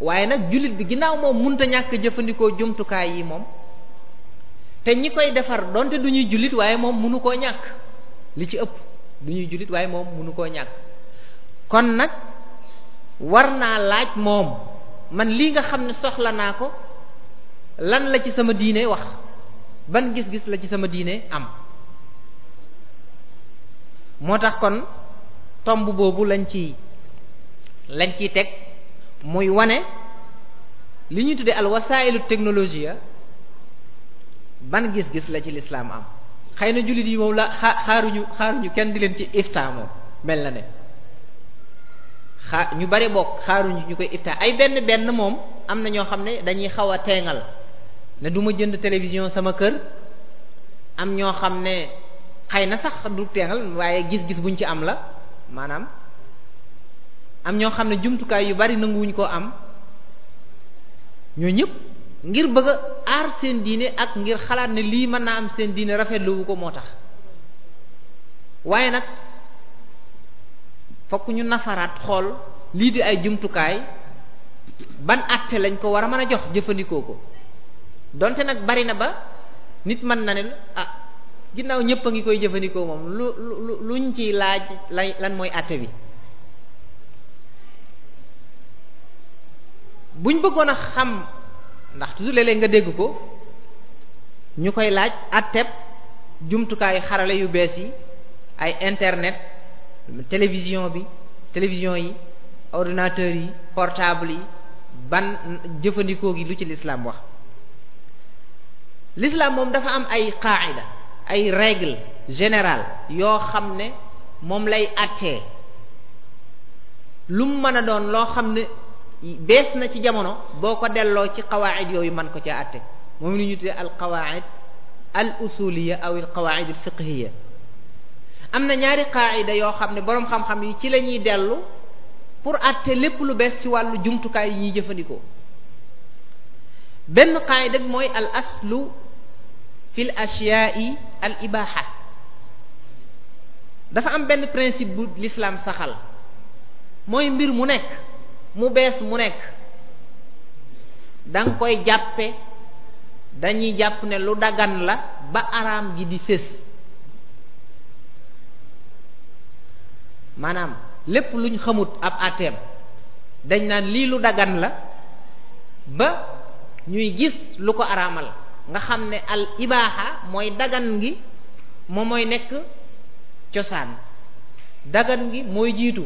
waaye nag jullit bi ginnaaw moom munta ñàkk jëfandikoo jumtukaay yi moom te ñi koy defar donte du ñuy jullit waaye moom munu koo ñàkk li ci ëpp du ñuy jullit waaye moom mënu koo ñàkk kon nag war naa laaj moom man lii nga xam ne soxla naa ko lan la ci sama diine wax ban gis-gis la ci sama diine am moo tax kon tomb boobu lañ ci lañ ciy teg muy wane li ñuy tuddee al wasailu technologie ban gis-gis la ci lislaam am xëy na jullit yi moom la xaaruñu xaaruñu kenn di leen ci ifta moom mel na ne xaa ñu bari bokk xaaruñu ñu koy ifta ay benn benn moom am na ñoo xam ne dañuy xaw a teengal ne du ma jënd télévision sama kër am ñoo xam ne xëy na sax du teengal waaye gis-gis buñ ci am la maanaam am ñoo xam ne jumtukaay yu bari nanguwuñ koo am ñoo ñëpp ngir bëgg a aar seen diine ak ngir xalaat ne lii mën naa am seen diine rafetluwu ko moo tax waaye nag fokk ñu nafaraat xool lii di ay jumtukaay ban àtte lañ ko war a mën a jox jëfandikoo ko donte nag bari na ba nit mën na ne ah ginnaaw ñëpp a ngi koy jëfandikoo moom lu lu luñ ciy laaj lan mooy àtte bi buñ bëggoon a xam ndax toujours léeg-léeg nga dégg ko ñu koy laaj atteb jumtukaay xarala yu bees yi ay internet télévision bi télévision yi ordinateur yi portable yi ban jëfandikoo gi lu ci l'islam wax l'islam moom dafa am ay qaida ay règle générale yoo xam ne moom lay attee lu mu mën a doon loo xam ne bees na ci jamono boo ko delloo ci qawaid yooyu man ko ci àtte moom li ñu tuddee al qawaid al usuliya aw al qawaid al am na ñaari qaida yoo xam ne boroom xam-xam yi ci la ñuy dellu pour àtte lépp lu bees ci wàllu jumtukaay yi ñuy jëfandikoo benn qaida bi mooy al aslu fil ashyaa'i al ibaaha dafa am benn principe bu lislaam saxal mooy mbir mu nekk mu bees mu nekk da koy jàppe dañuy jàpp ne lu dagan la ba araam gi di sës maanaam lépp luñ xamut ab ateem dañ naan lii lu dagan la ba ñuy gis lu ko araamal nga xam ne al ibaaxa mooy dagan gi moom mooy nekk cosaan dagan gi mooy jiitu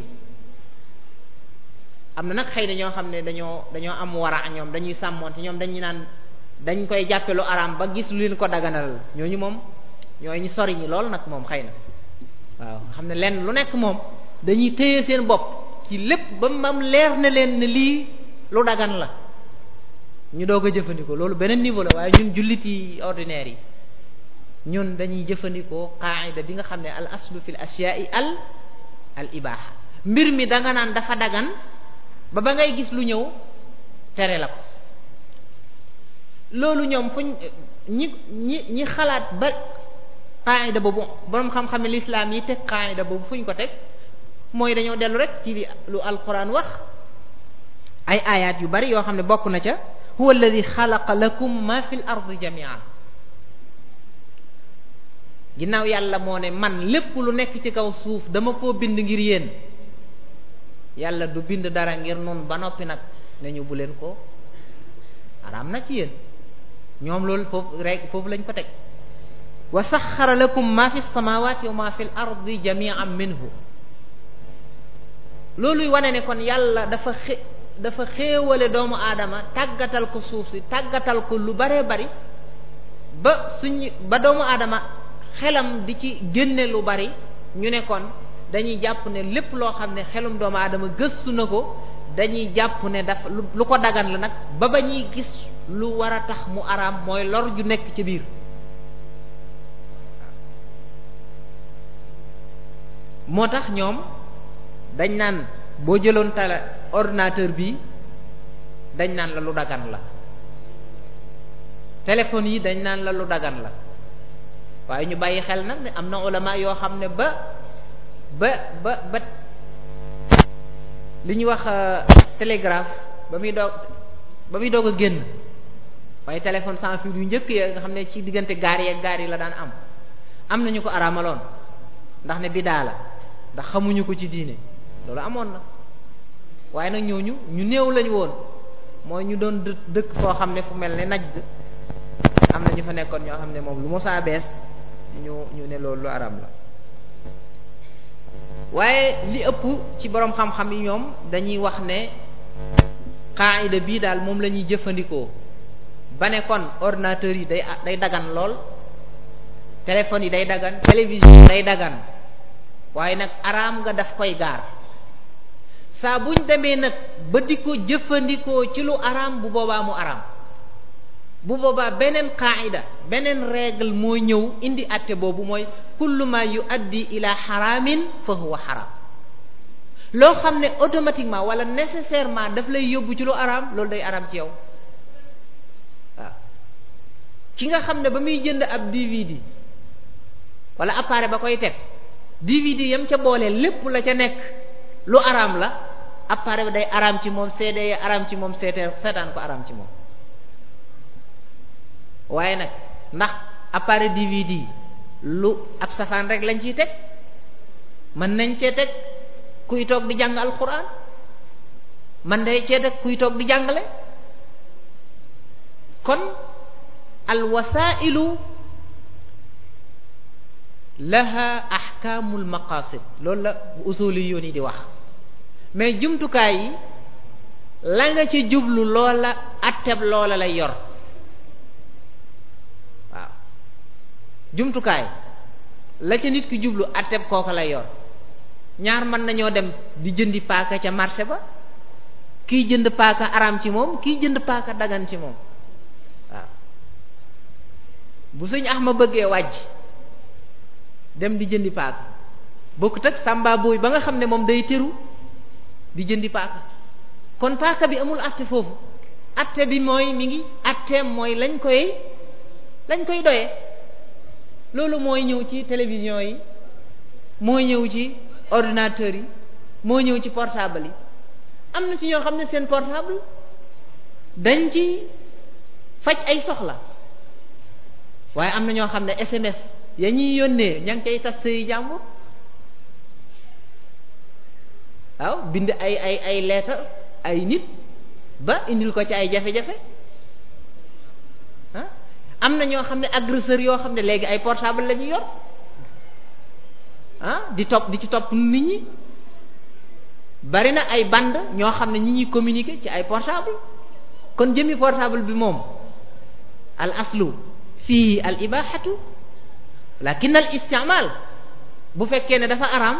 xam na nag xëy na ñoo xam ne dañoo dañoo am wara ñoom dañuy sàmmoon sàmmoonte ñoom dañuy naan dañ koy jàppe lu araam ba gis lu leen ko daganal ñooñu moom ñooñu sori ñi lool nag moom xëy na waaw xam ne lenn lu nekk moom dañuy téye seen bopp ci lépp ba mam leer na leen ne lii lu dagan la ñu doog a jëfandikoo loolu beneen niveau la waaye ñun jullit yi ordinaire yi ñun dañuy jëfandikoo qaida bi nga xam ne al aslu fil ashyai al al ibaha mbir mi danga naan dafa dagan ba ba ngay gis lu ñëw tere la ko loolu ñoom ñu ñi ñi ñi xalaat ba da boobu boroom xam-xam lislaam yi teg qaayida boobu fu ñu ko teg mooy dañoo dellu rek ci li lu alquran wax ay ayaat yu bari yoo xam ne bokk na ca walla di xalaqa lakum ma fi ardi jamian ginnaaw yàlla moo ne man lépp lu nekk ci kaw suuf dama koo bind ngir yéen yàlla du bind dara ngir nun ba noppi nag nañu bu leen ko araam na ci yéen ñoom loolu foofu rek foofu lañ ko teg wa xarale lakum ma fi samawati wa ma fi l ardi jami'an minhu looluy wane ne kon yàlla dafa xé dafa xéewale doomu aadama tàggatal ko suuf si tàggatal ko lu baree bari ba suñu ba doomu aadama xelam di ci génne lu bari ñu nekkoon dañuy jàpp ne lépp loo xam ne xelum doomu aadama gëstu na ko dañuy jàpp ne dafa lu ko dagan la nag ba ba ñuy gis lu war a tax mu araam mooy lor ju nekk ci biir moo tax ñoom dañ naan boo jëloon tele ordinateur bi dañ naan la lu dagan la téléphone yi dañ naan la lu dagan la waaye ñu bàyyi xel nag ne am na ulama yoo xam ne ba ba ba ba li ñuy wax euh, télégraphe ba muy doog ba muy dog a génn waaye téléphone sans fil yu njëkk ya nga xam ne ci diggante gaar yeeg gaar yi la daan am am nañu ko araamaloon ndax ne bidaa la ndax xamuñu ko ci diine loolu amoon na waaye nag ñooñu ñu néew lañu woon mooy ñu doon dë dëkk foo xam ne fu mel ne naj am na ñu fa nekkoon ñoo xam ne moom lu mosaa bees ñu ñu ne loolu lu araam la waaye li ëpp ci boroom xam-xam yi ñoom dañuy wax ne qaida bii daal moom lañuy jëfandikoo ba nekkoon ordinateur yi day day dagan lool téléphone yi day dagan télévision day dagan waaye nag araam nga daf koy gaar saa buñ demee nag ba di ko jëfandikoo ci lu araam bu boobaamu mu araam bu boobaa beneen qaayida beneen règle moo ñëw indi àtte boobu mooy kullu ma yuaddi ila xaraamin fa huwa xaraam loo xam ne automatiquement wala nécessairement daf lay yóbbu ci lu araam loolu day araam ci yow waaw ki nga xam ne ba muy jënd ab DVD wala appareil ba koy teg DVD yam ca boole lépp la ca nekk lu araam la appareil ba day araam ci moom CD ya moom seetaan ko araam ci moom waaye nag ndax appareil DVD lu ab safaan rek lañ ciy teg mën nañ cee teg kuy toog di jàng alxuraan mën nañ cee teg kuy toog di jàngale kon alwasailu laha ahkaamul maqasid loolu la usuli yoon yi di wax mais jumtukaay yi la nga ci jublu loola atteb loola lay yor jumtukaay la ca nit ki jublu atteb kooka lay yor ñaar man nañoo dem di jëndi paaka ca marché ba kiy jënd paaka araam ci moom kiy jënd paaka dagan ci moom waaw bu sëñ Axma bëggee wàjj dem di jëndi paaka bokkut ak sàmba booy ba nga xam ne moom day teru di jëndi paaka kon paaka bi amul atte foofu atte bi mooy mi ngi atteem mooy lañ koy lañ koy doye loolu mooy ñëw ci télévision yi mooy ñëw ci ordinateur yi moo ñëw ci portable yi am na ci ñoo xam ne seen portable dañ ci faj ay soxla waaye am na ñoo xam ne SMS ya yónnee ña ngi cay tas sëy jàmbur waaw bind ay ay ay leeta ay nit ba indil ko ci ay jafe-jafe am na ñoo xam ne agresseur yoo xam ne léegi ay portable la ñu yor ah di topp di ci topp nit ñi bari na ay bande ñoo xam ne ñi ñuy communiquer ci ay portable kon jëmi portable bi moom al aslu fii al ibahatu lakin al istimal bu fekkee ne dafa araam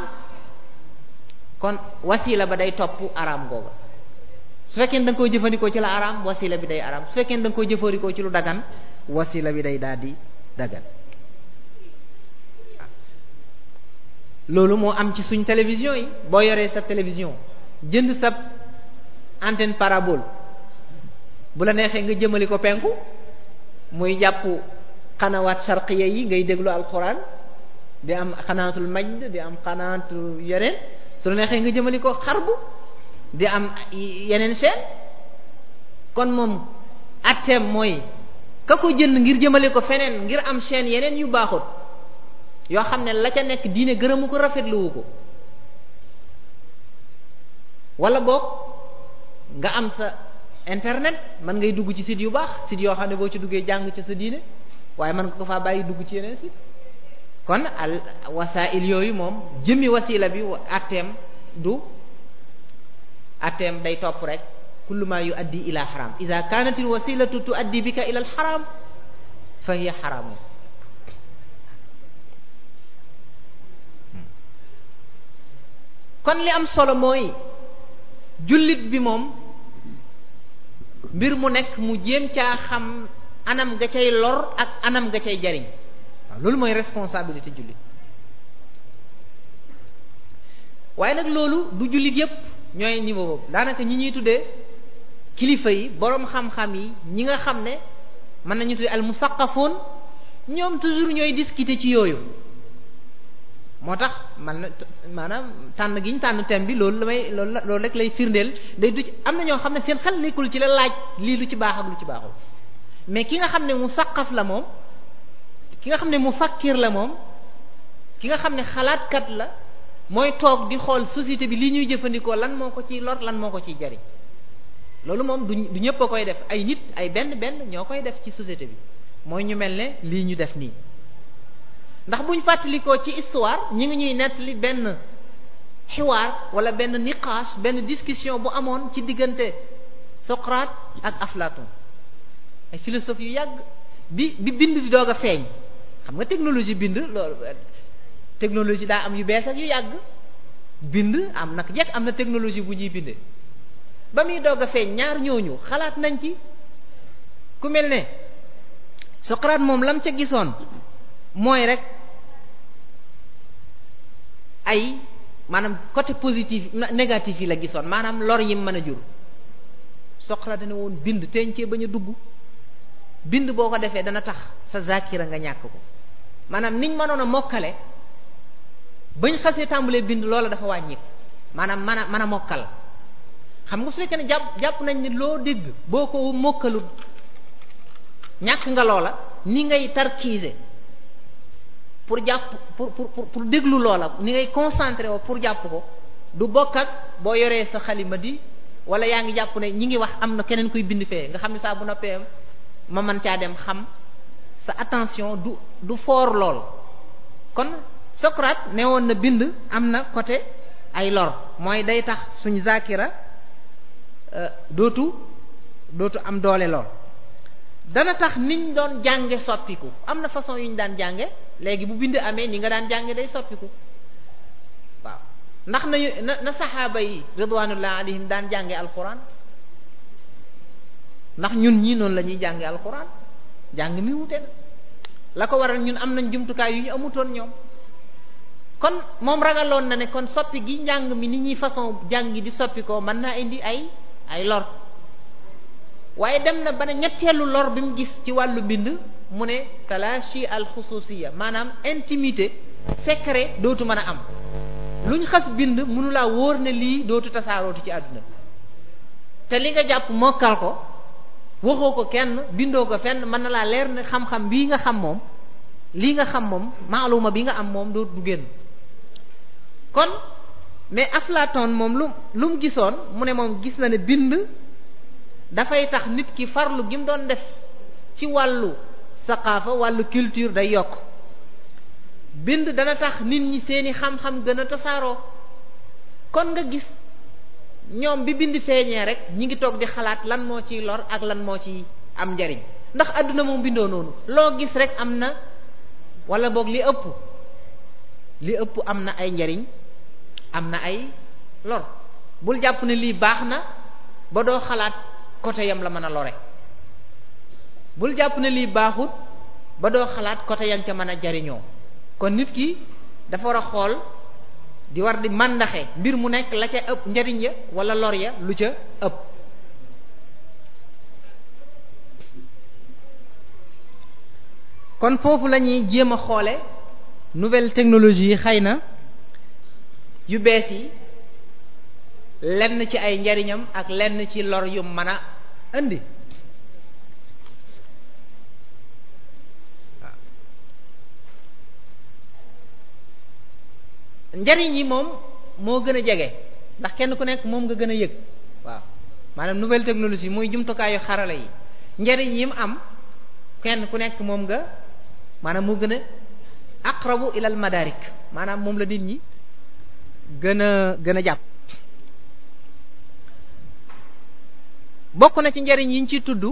kon wasila ba day topp araam googa su fekkee ne da nga koy jëfandikoo ci la araam wasila bi day araam su fekkee ne da nga koy jëfandikoo ci lu dagan wasila bi day daal di dagan loolu moo am ci suñ télévision yi boo yoree sa télévision jënd sa antenne parabole bu la neexee nga jëmali ko penku muy jàpp xanawaat sharqiya yi ngay déglu alquran di am xanaatul majd di am xanaatu yeneen su la neexee nga jëmali ko xarbu di am yeneen chaîne kon moom atteem mooy ka ko jënd ngir jëmale ko feneen ngir am chaîne yeneen yu baaxut yoo xam ne la ca nekk diine gërëmu ko rafetluwu ko wala boog nga am sa internet mën ngay dugg ci site yu baax site yoo xam ne boo ci duggee jàng ci sa diine waaye mën nga ko faa bàyyi dugg ci yeneen site kon al wasail yooyu moom jëmmi wasila bi atteem du atteem day topp rek kullu ma yuaddi ila xaram ida kanat il wasilatu tuaddi bika bi al xaram fa hiya xaramun kon li am solo mooy jullit bi moom mbir mu nekk mu jéem ca xam anam nga cay lor ak anam nga cay jariñ waaw loolu mooy responsabilité jullit waaye nag loolu du jullit yépp ñooy niveau boobu daanaka ñi ñuy tuddee kilifa yi boroom xam-xam yi ñi nga xam ne mën nañu tuddee al musaqafoon ñoom toujours ñooy discuter ci yooyu moo tax man maanaam tànn gi ñu tànn thème bi loolu la loolu la lay firndeel day du ci am na ñoo xam ne seen xel nekkul ci la laaj lii lu ci baax ak lu ci baaxul mais ki nga xam ne mu saqaf la moom ki nga xam ne mu fakkir la moom ki nga xam ne xalaatkat la mooy toog di xool société bi li ñuy jëfandikoo lan moo ko ciy lor lan moo ko ciy jariñ loolu moom du du ñëpp a koy def ay nit ay benn benn ñoo koy def ci société bi mooy ñu mel ne lii ñu def nii ndax buñ fàttalikoo ci histoire ñi ngi ñuy nettali benn xiwaar wala benn niqaas benn discussion bu amoon ci diggante Socrate ak Aflaton ay philosophe yu yàgg bi bi bind di doog a feeñ xam nga technologie bind loolu technologie daa am yu bees yu yàgg bind am nag jekk am na technologie bu ñuy bindee ba muy doog a feeñ ñaar ñooñu xalaat nañ ci ku mel ne Socrate moom lam ca gisoon mooy rek ay maanaam côté positif négatif yi la gisoon maanaam lor yim mën a jur Socrate dana woon bind tencee ba ñu dugg bind boo ko defee dana tax sa zakira nga ñàkk ko maanaam niñ mënoon a mokkale bañ xasee tàmbalee bind loolu dafa wàññi maanaam man a mën a mokkal xam nga su fekkee ne jàpp jàpp nañ ni loo dégg boo ko mokkalu ñàkk nga loola ni ngay tarkiise pour jàpp pour pour pour déglu loola ni ngay concentré woo pour jàpp ko du bokk ak boo yoree sa xalima di wala yaa ngi jàpp ne ñi ngi wax am na keneen kuy bind fee nga xam ne saa bu noppee ma mën caa dem xam sa attention du du foor lool kon Socrate ne woon na bind am na côté ay lor mooy day tax suñ zakira Euh, dootu dootu am doole lool dana tax niñ doon jànge soppiku am na façon yu ñu daan jànge léegi bu bind amee ni nga daan jànge day soppiku waaw ndax nañu na na saxaaba yi ridwanullah alayhim daan jànge alquran ndax ñun ñii noonu la ñuy jànge alquran jàng mi wute la ko waral ñun am nañ jumtukaay yu ñu amutoon ñoom kon moom ragaloon na ne kon soppi gi njàng mi ni ñuy façon jàng di soppi ko mën naa indi ay ay lor waaye dem na ba ne ñetteelu lor bi mu gis ci wàllu mbind mu ne talashi alxususiya maanaam intimité secret dootu mën a am luñ xas bind mënulaa wóor ne lii dootu tasaarooti ci àdduna te li nga jàpp mokkal ko waxoo ko kenn bindoo ko fenn mën na laa leer ne xam-xam bii nga xam moom lii nga xam moom maaluma bi nga am moom dootu bu génn kon mais Aflaton moom lu lu mu gisoon mu ne moom gis na ne bind dafay tax nit ki farlu gi mu doon def ci wàllu saqaafa wàllu culture day yokk bind dana tax nit ñi seeni xam-xam gën a tasaaroo kon nga gis ñoom bi bind feeñee rek ñi ngi toog di xalaat lan moo ciy lor ak lan moo ci am njariñ ndax àdduna moom bindoo noonu loo gis rek am na wala boog li ëpp li ëpp am na ay njariñ am na ay lor bul jàpp ne lii baax na ba doo xalaat côté yam la mën a lore bul jàpp na lii baaxut ba doo xalaat côté yam ca mën a jariñoo kon nit ki dafa war a xool di war di màndaxe mbir mu nekk la ca ëpp njariñ ya wala lor ya lu ca ëpp kon foofu la ñuy jéem a xoole nouvelle technologie yi xëy na yu bees yi lenn ci ay njariñam ak lenn ci lor yu man a indi njariñ yi moom moo gën a jege ndax kenn ku nekk moom nga gën a yëg waaw maanaam nouvelle technologie muy jumtukaayu xarala yi njariñ yi mu am kenn ku nekk moom nga maanaam moo gën a aqrabu ilal madarik maanaam moom la nit ñi gën a gën a jàpp bokk na ci njariñ yiñ ñu ci tudd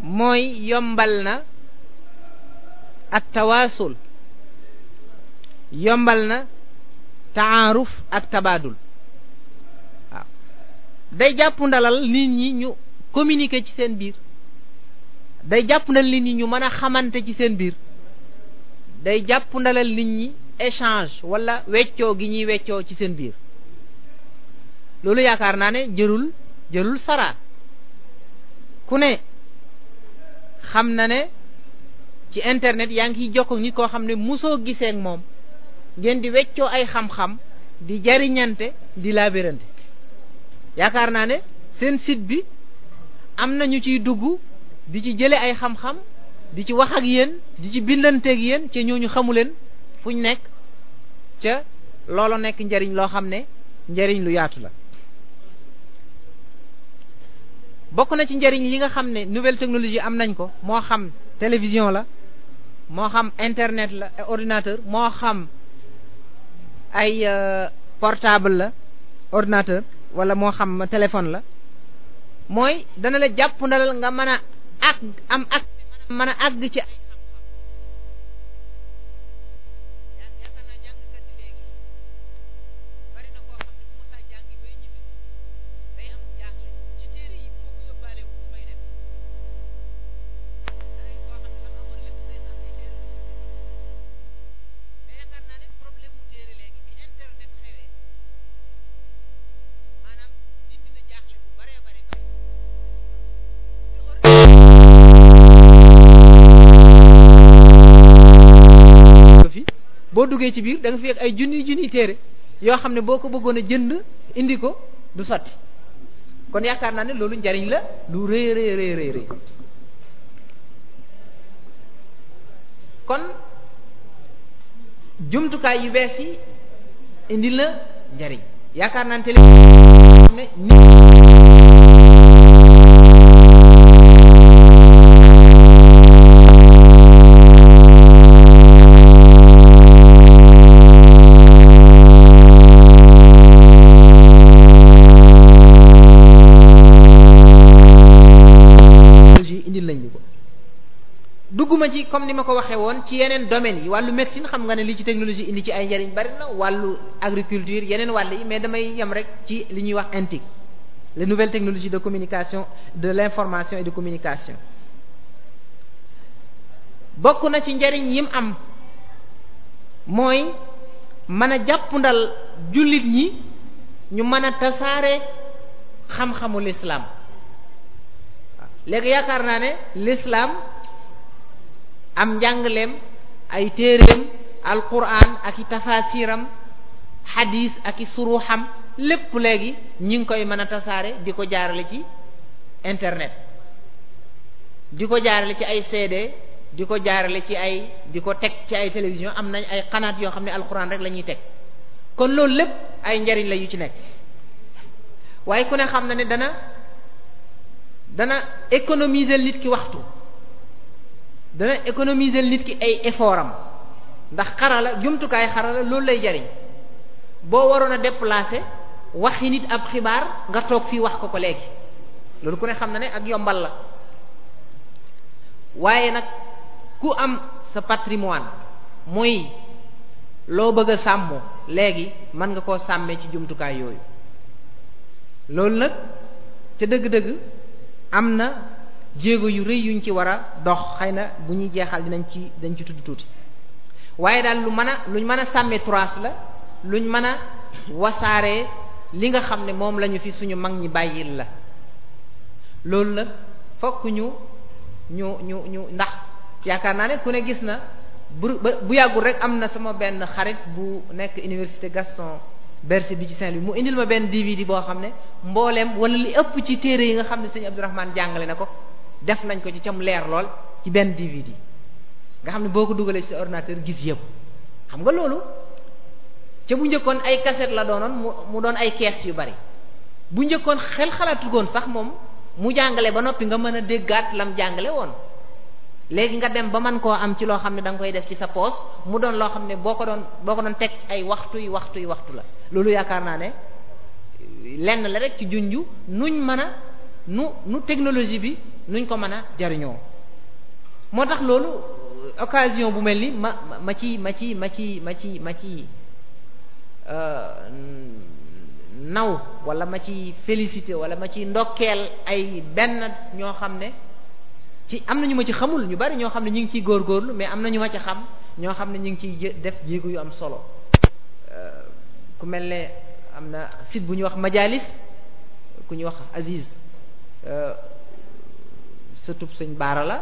mooy yombal na ak tawaasul yombal na taaruf ak tabaadul day jàpp ndalal nit ñi ñu communiquer ci seen biir day jàpp ndal nit ñi ñu mën a xamante ci seen biir day jàpp ndalal nit ñi échange walla weccoo gi ñuy weccoo ci seen biir loolu yaakaar naa ne jërul jërul sara ku ne xam na ne ci internet yaa ngi ciy jokk nit koo xam ne mosoo giseek moom ngeen di weccoo ay xam-xam di jariñante di laabérante yaakaar naa ne seen sit bi am na ñu ciy dugg di ci jële ay xam-xam di ci wax ak yéen di ci bindanteeg yéen ci ñooñu xamu leen fu ñu nekk ca loolu nekk njariñ loo xam ne njariñ lu yaatu la bokk na ci njariñ yi nga xam ne nouvelle technologie am nañ ko moo xam télévision la moo xam internet la ordinateur moo xam ay euh, portable la ordinateur wala moo xam téléphone la mooy dana la jàpp ndalal nga mën a àgg am ak mën a àgg ci boo duggee ci biir da nga fi yegg ay junniy junniy téere yoo xam ne boo ko bëggoon a jënd indi ko du sotti kon yaakaar naa ne loolu njariñ la lu rëy rëy rëy kon jumtukaay yu bees yi indi la njariñ yaakaar naa ne télé indil lañ ñu dugguma ci comme ni ma ko waxee woon ci yeneen domaines yi wàllu médecine xam nga ne li ci technologie indi ci ay njariñ bari wàllu agriculture yeneen wàll yi mais damay yem rek ci li ñuy wax intique les nouvelles technologies de communication de l'information et de communication bokk na ci njariñ yim am mooy mën a jàppandal jullit ñi ñu mën a tasaare xam-xamul islam léegi yaakaar naa ne l'islam am njàngaleem ay téereem alquran ak i tafasiram xadis ak i suruxam lépp léegi ñi ngi koy mën a tasaare di ko jaarale ci internet di ko jaarale ci ay CD di ko jaarale ci ay di ko teg ci ay télévision am nañ ay xanaat yoo xam ne alquran rek la ñuy teg kon loolu lépp ay njariñ la yu ci nekk waaye ku ne xam na ne dana dana économiser nit ki waxtu dana économiser nit ki ay effort ndax xarala jumtukaay xarala loolu lay jariñ boo waroon a wax yi nit ab xibaar nga toog fii wax ko ko léegi loolu ku ne xam na ne ak yombal la waaye nag ku am sa patrimoine mooy loo bëgg a léegi mën nga koo sàmmee ci jumtukaay yooyu loolu nag ca dëgg-dëgg am na jéego yu rëy yuñ ci war a dox xëy na bu ñuy jeexal dinañ ci dañ ci tudd tuuti waaye daal lu mën a luñ mën a sàmmee trace la luñ mën a wasaaree li nga xam ne moom lañu fi suñu mag ñi bàyyil la loolu nag fokk ñu ñu ñu ñu ndax yaakaar naa ne ku ne gis na bu bu yàggul rek am na sama benn xarit bu nekk université Gaston Bercy bi ci Saint-Louis mu indil ma benn DVD boo xam ne mbooleem wala li ëpp ci téere yi nga xam ne sëñ Abdourahmane jàngale na ko def nañ ko ci cam leer lool ci benn DVD nga xam ne boo ko dugalee ci ordinateur gis yëpp xam nga loolu ca bu njëkkoon ay cassette la doonoon mu doon ay kees yu bari bu njëkkoon xel xalaatugoon sax moom mu jàngale ba noppi nga mën a déggaat la mu jàngale woon léegi nga dem ba man koo am ci loo xam ne da nga koy def ci sa poos mu doon loo xam ne boo ko doon boo ko doon teg ay waxtu yi waxtu yi waxtu la loolu yaakaar naa ne lenn la rek ci junju nuñ mën a nu nu technologie bi nuñ ko mën a jariñoo moo tax loolu occasion bu mel ni ma ma ci ma ci ma ci ma ci ma ci euh, naw wala ma ci félicité wala ma ci ndokkeel ay benn ñoo xam ne ci am na ñu ma ci xamul ñu bari ñoo xam ne ñu ngi ciy góorgóorlu mais am na ñu ma ci xam ñoo xam ne ñu ngi ciy def jéego yu am solo euh, ku mel ne am na sit bu ñuy wax majalis ku ñuy wax Aziz euh, surtout sëñ Baara la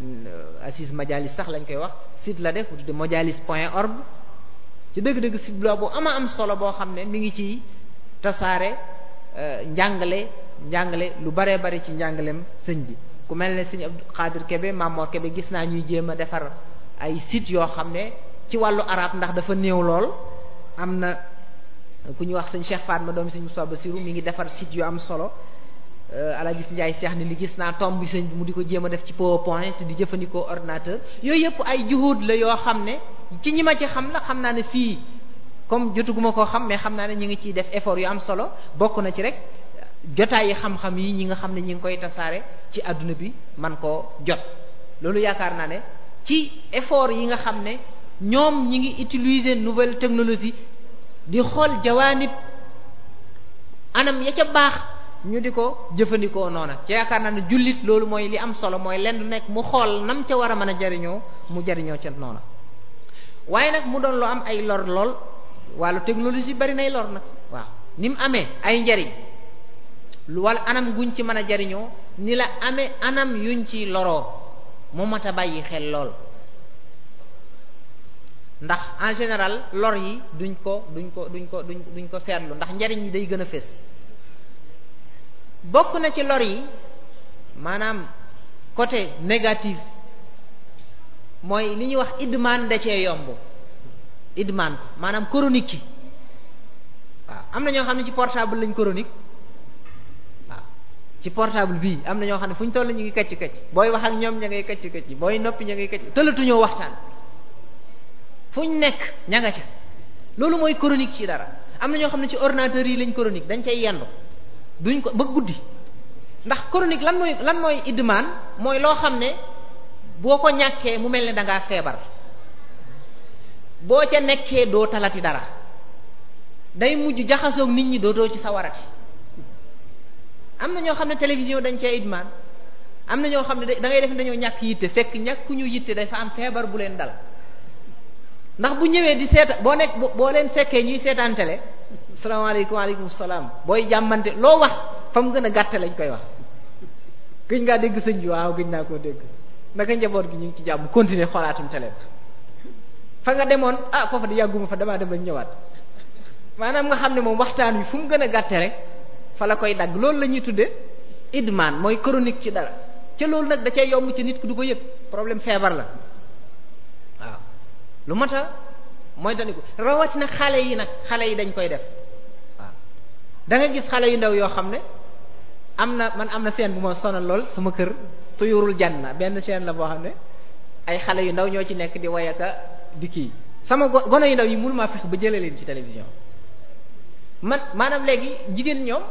euh, Aziz majalis sax lañ koy wax site la def bu tuddee majalis point org ci dëgg-dëgg site blog bu ama am solo boo xam ne mi ngi ciy tasaare njàngale njàngale lu baree bari ci njàngalem sëñ bi ku mel ne sëñ Abdou Khadir Kebe Mamor Kebe gis naa ñuy jéem a defar ay sites yoo xam ne ci wàllu arab ndax dafa néew lool am na ku ñuy wax sëñ Cheikh Fatma doomi sëñ Moussa Bassirou mi ngi defar sites yu am solo euh, Alaaji Njaay Cheikh ni li gis naa tomb sëñ bi mu di ko jéem a def ci PowerPoint di jëfandikoo ordinateur yooyu yëpp ay juhud la yoo xam ne ci ñi ma ci xam na xam naa ne fii comme jotuguma koo xam mais xam naa ne ñu ngi ciy def effort yu am solo bokk na ci rek jotaayi xam-xam yi ñi nga xam ne ñi ngi koy tasaare ci àdduna bi man koo jot loolu yaakaar naa ne ci effort yi nga xam ne ñoom ñi ngi utiliser nouvelle technologie di xool jawaanib anam ya ca baax ñu di ko jëfandikoo noona ca yaakaar naa ne jullit loolu mooy li am solo mooy lenn nekk mu xool nam ca war a mën a jariñoo mu jariñoo ca noona waaye nag mu doon lu am ay lor lool wàllu technologie bari nay lor nag waaw ni mu amee ay njariñ wala anam guñ ci mën a jariñoo ni la amee anam yuñ ci loroo mu mat a bàyyi xel lool ndax en général lor yi duñ ko duñ ko duñ ko duñ duñ ko seetlu ndax njariñ yi day gën a fés bokk na ci lor yi maanaam côté négatif mooy li ñuy wax idmaan da cee yomb idmaan ko maanaam chronique yi waaw am na ñoo xam ne ci portable lañ chronique ci portable bii am na ñoo xam ne fu ñu toll ñu ngi kacc kacc booy wax ak ñoom ña ngay kacc kacc booy noppi ña ngay kacc tëlatuñoo waxtaan fu ñu nekk ña nga ca loolu mooy chronique ci dara am na ñoo xam ne ci ordinateur yi lañ chronique dañ cay yendu duñ ko ba guddi ndax chronique lan mooy lan mooy idmaan mooy loo xam ne boo ko ñàkkee mu mel ne dangaa ngaa feebar boo ca nekkee doo talati dara day mujj jaxasoog nit ñi dootoo ci sa sawarati am na ñoo xam ne télévision dañ cee idmaan am na ñoo xam ne da ngay def dañoo ñàkk yitte fekk ku ñu yitte dafa am feebar bu leen dal ndax bu ñëwee di seeta boo nekk boo leen fekkee ñuy seetaan télé salaamaaleykum waaleykum salaam booy jàmmante loo wax fa mu gën a gàtte lañ koy wax gëñ ngaa dégg sëñ bi waaw gëñ naa koo dégg naka njaboot gi ñu ngi ci jàmm continuer xoolaatum télé fa nga demoon ah foofa di yàgguma fa damaa dem lañ ñëwaat maanaam nga xam ne moom waxtaan wi fu mu gën a gàtte rek fa la koy dagg loolu la ñuy tuddee idman mooy cronique ci dara ca loolu nag da cay yomb ci nit ku du ko yëg problème feebar la waaw lu mat a mooy daniku rawatina xale yi nag xale yi dañ koy def waaw da gis xale yu ndaw yoo xam ne am na man am na seen bu ma sonal lool sama kër tuyurul janna benn chaîne la boo xam ne ay xale yu ndaw ñoo ci nekk di wayaka di kii sama gone yu ndaw yi mënu maa fex ba jëlee leen ci télévision man maanaam léegi jigéen ñoom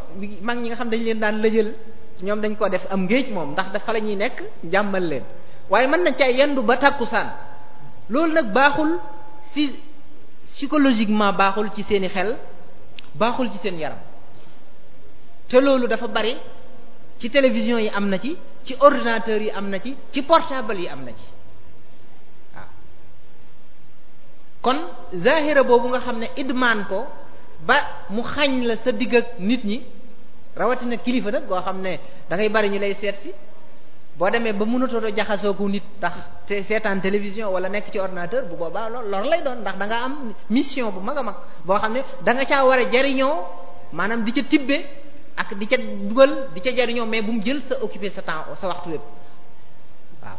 mag ñi nga xam dañ leen daan lëjël ñoom dañ koo def am ngéej moom ndax dafa la ñuy nekk jàmmal leen waaye mën nañ caa yendu ba tàkkusaan loolu nag baaxul fi psychologiquement baaxul ci seeni xel baaxul ci seen yaram te loolu dafa bari ci télévision yi am na ci ci ordinateur yi am na ci ci portable yi am na ci waaw kon zahira boobu nga xam ne maan ko ba mu xañ la sa digg ak nit ñi rawatina kilifa nag goo xam ne da ngay bari ñu lay seet si boo demee ba mënatoo a ko nit ndax te seetaan télévision wala nekk ci ordinateur bu boobaa loolu lor lay doon ndax danga am mission bu mag a mag boo xam ne danga nga caa war a jariñoo maanaam di ca tibbe ak di ca dugal di ca jariñoo mais bu mu jël sa occuper sa temps sa waxtu wépp waaw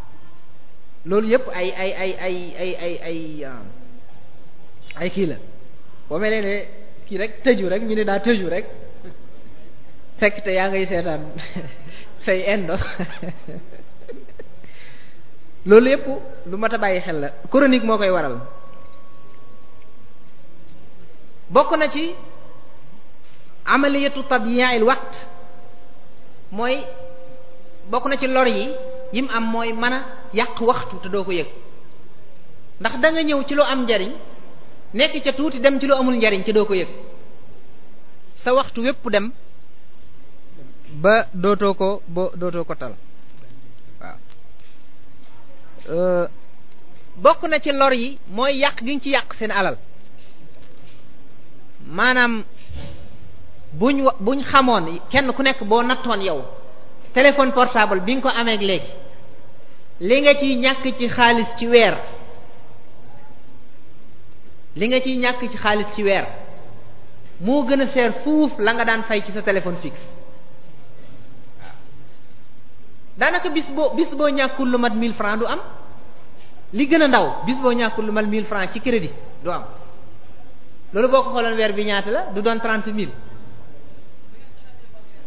loolu yépp ay ay ay ay ay ay ay ay kii la boo mel kii rek tëju rek ñu ne daa tëju rek fekk te yaa ngay seetaan *laughs* say indo *laughs* loolu yëpp lu mat a bàyyi xel la chronique moo koy waral bokk na ci amaliyatu tadyi'il waqt mooy bokk na ci lor yi yim am mooy mën a yàq waxtu te doo ko yëg ndax da ñëw ci loo am njariñ nekk ca tuuti dem ci lu amul njariñ ca doo ko yëg sa waxtu wépp dem ba dootoo ko ba dootoo ko tal waaw euh, bokk na ci lor yi mooy yàq gi ci yàq seen alal maanaam buñ wa buñ xamoon kenn ku nekk boo nattoon yow téléphone portable bi nga ko amee léegi li nga ciy ñàkk ci xaalis ci weer li nga ci ñàkk ci xaalis ci weer moo gën a cher fuuf la nga daan fay ci sa téléphone fixe daanaka bis boo bis boo ñàkkul lu mat 1000 francs du am li gën a ndaw bis boo ñàkkul lu mat 1000 francs ci crédit du am loolu boo ko weer bi ñaata la du doon 30000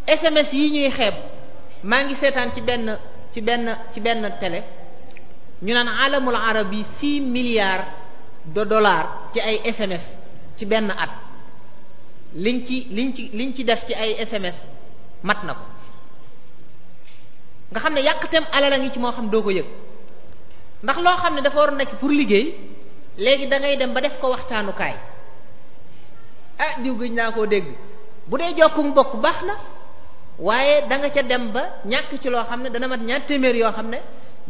SMS yi ñuy xeeb maa ngi seetaan ci benn ci benn ci benn télé ñu naan alamul arabi 6 milliards. de dollars ci ay SMS ci benn at liñ ci liñ ci liñ ci def ci ay SMS mat na ko nga xam ne yàqteem alal a ngi ci moo xam ne doo ko yëg ndax loo xam ne dafa war a nekk pour liggéey léegi da ngay dem ba def ko waxtaanukaay ah diw gëj naa koo dégg bu dee jokku mbokk baax na waaye danga nga ca dem ba ñàkk ci loo xam ne dana mat ñaar téeméer yoo xam ne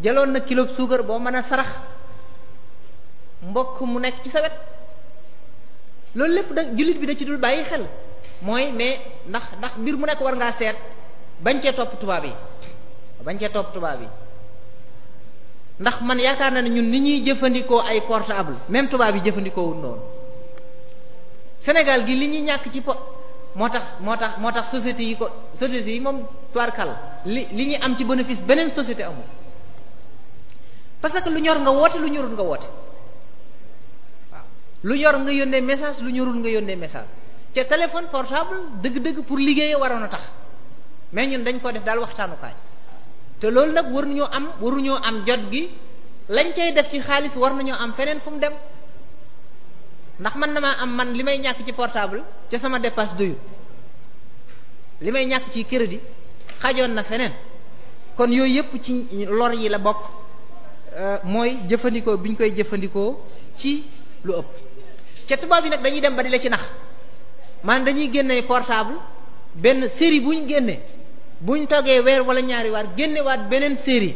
jëloon na kilo suukar boo mën a sarax. mbokk mu nekk ci sawet loolu lépp da jullit bi da ci dul bàyyi xel mooy mais ndax ndax mbir mu nekk war ngaa seet bañ cee topp tubaab yi bañ cee topp tubaab yi ndax man yaakaar na ne ñun ni ñuy jëfandikoo ay portable même tubaab yi jëfandikoo wul noonu Sénégal gi li ñuy ñàkk ci po moo tax moo tax moo tax sociétés yi ko sociétés yi moom tubaarkal li li ñuy am ci bénéfice beneen société amul parce que lu ñor nga woote lu ñorul nga woote lu ñor nga yónnee message lu ñorul nga yónnee message ca téléphone portable dëgg-dëgg pour liggéeyee waroon a tax mais ñun dañ ko def daal waxtaanukaay te loolu nag waruñoo am waruñoo am jot gi lañ cay def ci xaalis war nañoo am feneen fu mu dem ndax man na maa am man li may ñàkk ci portable ca sama dépasse doyu li may ñàkk ci crédit xajoon na feneen kon yooyu yëpp ci lor yi la bokk euh, mooy jëfandikoo bi ñu koy jëfandikoo ci lu ëpp ca tubaab yi nag dañuy dem ba di la ci nax man dañuy génne portable benn série buñ génne buñ toggee weer wala ñaari waar génnewaat beneen série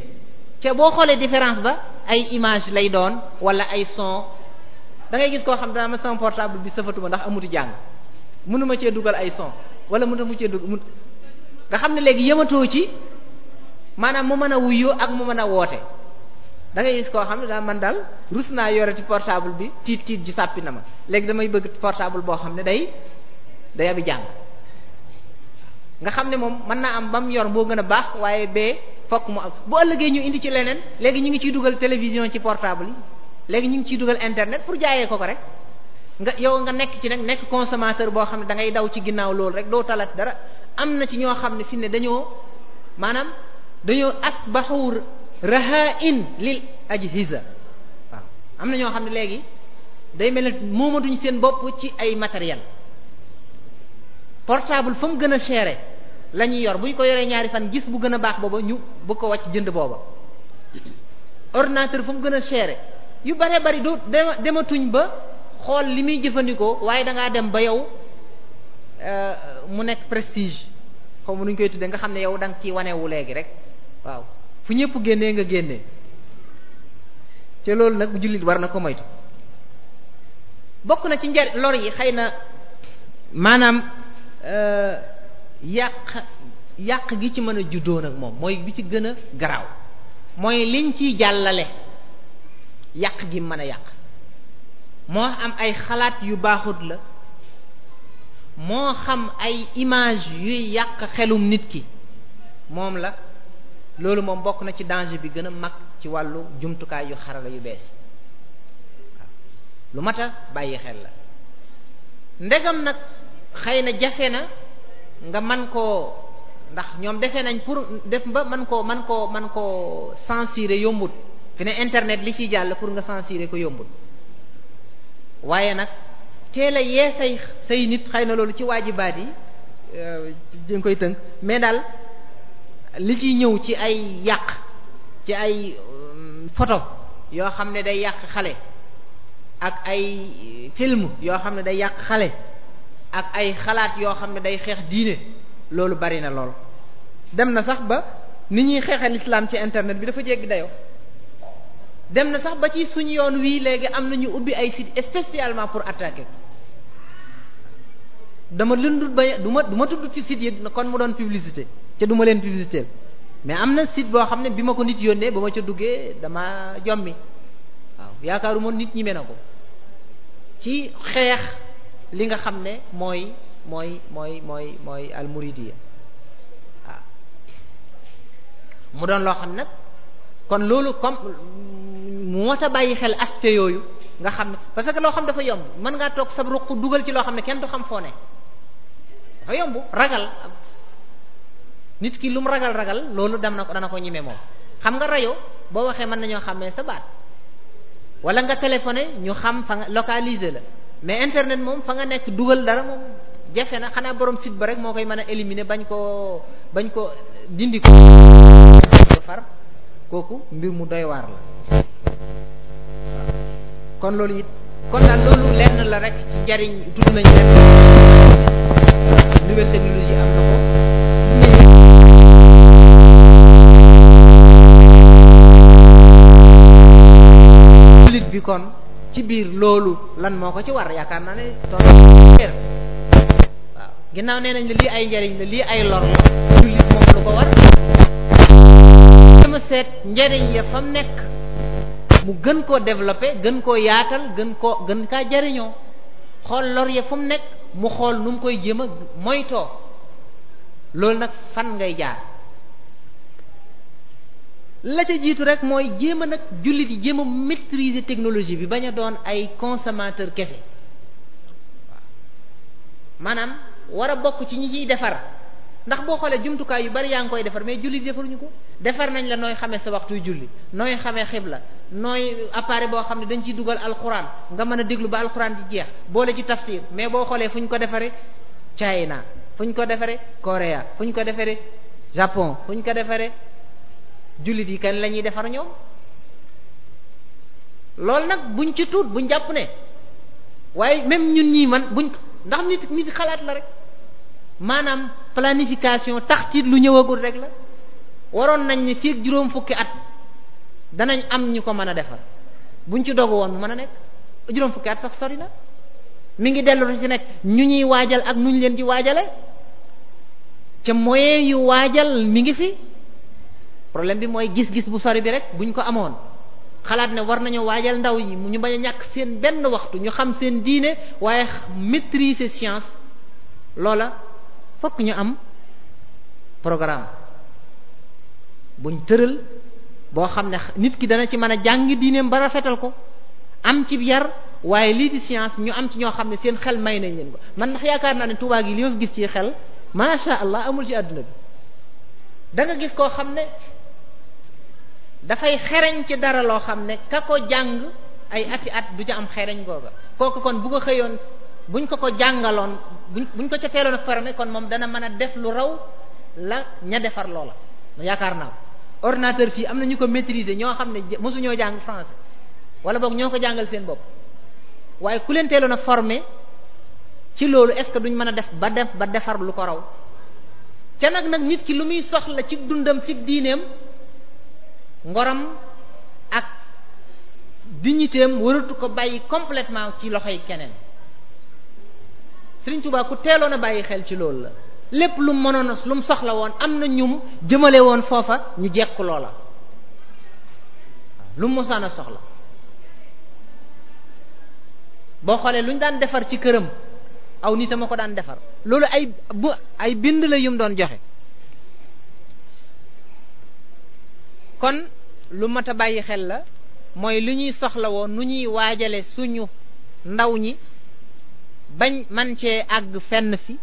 ca boo xoolee différence ba ay image lay doon wala ay son da ngay gis koo xam daa ma sama portable bi safatuma ndax amuti jàng mënuma cee dugal ay son wala mënuma cee dugal nga xam ne léegi yëmatoo ci maanaam mu mën a wuyoo ak mu mën a woote da ngay koo xam ne daa man daal rus naa yore ci portable bi tiit tiit ji sàppi na ma léegi damay bëgg portable boo xam ne day day abi jàng nga xam ne moom mën naa am ba mu yor moo gën a baax waaye bee fokk mu am bu ëllëgee ñu indi ci leneen léegi ñu ngi ciy dugal télévision ci portable yi léegi ñu ngi ciy dugal internet pour jaayee ko ko rek nga yow nga nekk ci nag nekk consommateur boo xam ne da ngay daw ci ginnaaw loolu rek doo talat dara am na ci ñoo xam ne fi ne dañoo maanaam dañoo asbaxu rahain lil ajhiza waaw am na ñoo xam ne léegi day mel ne moomatuñ seen bopp ci ay matériel portable fa mu gën a chéré lañuy yor bu ñu ko yoree ñaari fan gis bu gën a baax booba ñu bu ko wàcc jënd booba ordinateur fu mu gën a chéré yu bare bari du dematuñ ba xool li muy jëfandikoo waaye da ngaa dem ba yow euh, mu nekk prestige xaw ma nu ñu koy tuddee nga xam ne yow da nga ciy wanewu léegi rek waaw fu ñëpp génnee nga génnee te loolu nag jullit war na ko moytu bokk na ci njar lor yi xëy na maanaam euh, yàq yàq gi ci mën a juddoo nag moom mooy bi ci gën a garaaw mooy liñ ciy jàllale yàq gi mën a yàq moo am ay xalaat yu baaxut la moo xam ay image yuy yàq xelum nit ki moom la loolu moom bokk na ci danger bi gën a mag ci wàllu jumtukaay yu xarala yu bees lu mata bàyyi xel la ndegam nag xëy na jafe na nga man koo ndax ñoom defe nañ pour def ba man koo man koo man koo censurer yombut fi ne internet li ciy jàll pour nga censurer ko yombut waaye nag teel yee say say nit xëy na loolu ci waajibaat yi euh, dañ koy tënk mais daal li ci ñëw ci ay yàq ci ay euh, photo yoo xam ne day yàq xale ak ay film yoo xam ne day yàq xale ak ay xalaat yoo xam ne day xeex diine loolu bari na lool dem na sax ba ni ñuy xeexee lislaam ci internet bi dafa jéggi dayo dem na sax ba ci suñu yoon wii léegi am na ñu ubbi ay site spécialement pour attaquer dama du ba du ma du ma tudd ci site yi kon mu doon publicité ca duma leen publicité mais am na site boo xam ne bi ma ko nit yónnee ba ma ca duggee dama jommi waaw yaakaaru yaakaaruma nit ñi mel na ko ci xeex li nga xam ne mooy mooy mooy mooy mooy almuridiya waaw mu doon loo xam nag kon loolu comme moo ta bàyyi xel aspect yooyu nga xam ne parce que loo xam dafa yomb mën ngaa toog sa ruq dugal ci loo xam ne kenn du xam foo ne dafa yomb ragal nit kii lu mu ragal ragal loolu dem na ko dana ko ñime moom xam nga rajo boo waxee mën nañoo xàmmee sa baat wala nga téléphoné ñu xam fa nga localiser la mais internet moom fa nga nekk dugal dara moom jafe na xanaa borom site ba rek moo koy mën a éliminer bañ koo bañ ko dindi ko far kooku mbir mu doy waar la kon loolu it kon daal loolu lenn la rek ci njariñ tudd nañu rek nouvelle technologie am na ko kon ci biir loolu lan moo ko ci war yaakaar naa ne tool waaw ginnaaw nee nañ la lii ay njariñ la lii ay lor la lu ko war dama seet njariñ ya fam nekk mu gën koo développé gën koo yaatal gën koo gën kaa jariñoo xool lor ya fu mu nekk mu xool nu mu koy jéem a moytoo loolu nag fan ngay jaar la ca jiitu rek mooy jéem a nag jullit yi jéem a maîtriser technologie bi bañ a doon ay consommateur kese maanaam war a bokk ci ñi ciy defar ndax boo xoolee jumtukaay yu bari yaa ngi koy defar mais jullit defaruñu ko defar nañ la nooy xamee sa waxtuy julli nooy xamee xibla nooy appareil boo xam ne dañ ciy dugal alxuraan nga mën a déglu ba alxuraan di jeex boole ci tafsir mais boo xoolee fu ñu ko defaree China fu ñu ko defaree Corée fu ñu ko defaree Japon ñu ko defaree jullit yi kan lañuy ñuy defar ñoom loolu nag buñ ci tuut buñ jàpp ne waaye même ñun ñii man buñ ndax nit nit xalaat la rek maanaam planification tax ci lu ñëwagul rek la waroon nañ ni fii ak juróom fukki at danañ am ñu ko mën a defar buñ ci dogu woon mu mën a nekk juróom fukki at sax sori na mi ngi dellu ci nekk ñu ñuy waajal ak nu ñu leen di waajale ca moyen yu waajal mi ngi fi problème bi mooy gis-gis bu sori bi rek bu buñ ko amoon xalaat ne war nañu waajal ndaw ñi ñu bañ a ñàkk seen benn waxtu ñu xam seen diine waaye maîtriser science loola fokk ñu am programme buñ tëral boo xam ne nit ki dana ci mën a jàng diineem ba rafetal ko am ci yar waaye lii di science ñu am ci ñoo xam ne seen xel may nañ leen ko man ndax yaakaar naa ne Tuubaa gi li ma fi gis ci xel macha allah amul ci àdduna bi da gis koo xam ne dafay xereñ ci dara loo xam ne ka ko jàng ay ati at du ca am xereñ googa kooku kon bu ko xëyoon buñ ko ko jàngaloon buñ buñ ko ca teeloon a formé kon moom dana mën a def lu raw la ña defar loola yaakaar naa ordinateur fii am na ñu ko maîtriser ñoo xam ne mosuñoo jàng français wala boog ñoo ko jàngal seen bopp waaye ku leen teeloon a formé ci loolu est-ce que duñ mën a def ba def ba defar lu ko raw ca nag nag nit ki lu muy soxla ci dundam ci diineem ngorom ak dignitéem waratu ko bàyyi completement ci loxo yi keneen Sëriñ Tuubaa ku teeloon a bàyyi xel ci loolu la lépp lu mënoon a lu mu soxla woon am na ñum jëmale woon foofa ñu jekku loola lu mu mosaan a soxla boo xoolee lu ñu daan defar ci këram aw nit nitama ko daan defar loolu ay bu ay bind la yum doon joxe kon lu mat a bàyyi xel la mooy lu ñuy soxlawoo nu ñuy waajale suñu ndaw ñi bañ man cee àgg fenn fi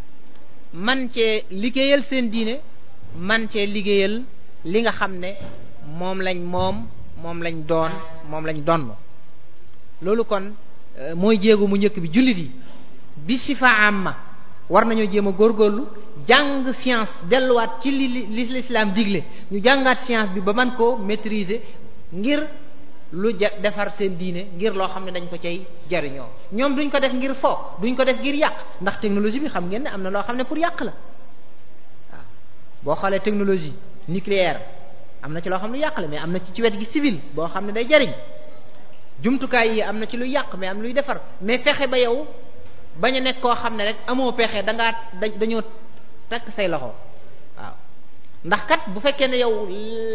man cee liggéeyal seen diine man cee liggéeyal li nga xam ne moom lañ moom moom lañ doon moom lañ donn loolu kon euh, mooy jéego mu njëkk bi jullit yi bi sifa amma war nañoo jéem a góorgóorlu jàng science delluwaat ci li li lislaam digle ñu jàngaat science bi ba man koo maîtriser ngir lu ja defar seen diine ngir loo xam ne dañ ko cay jariñoo ñoom duñ ko def ngir fo duñ ko def ngir yàq ndax technologie bi xam ngeen ne am na loo xam ne pour yàq la waaw boo xoolee technologie nucléaire am na ci loo xam ne yàq la mais am na ci ci wet gi civil boo xam ne day jariñ jumtukaay yi am na ci luy yàq mais am luy defar mais fexe ba yow bañ a nekk koo xam ne rek amoo pexe da ngaa dañoo takk say loxo waaw ndax kat bu fekkee ne yow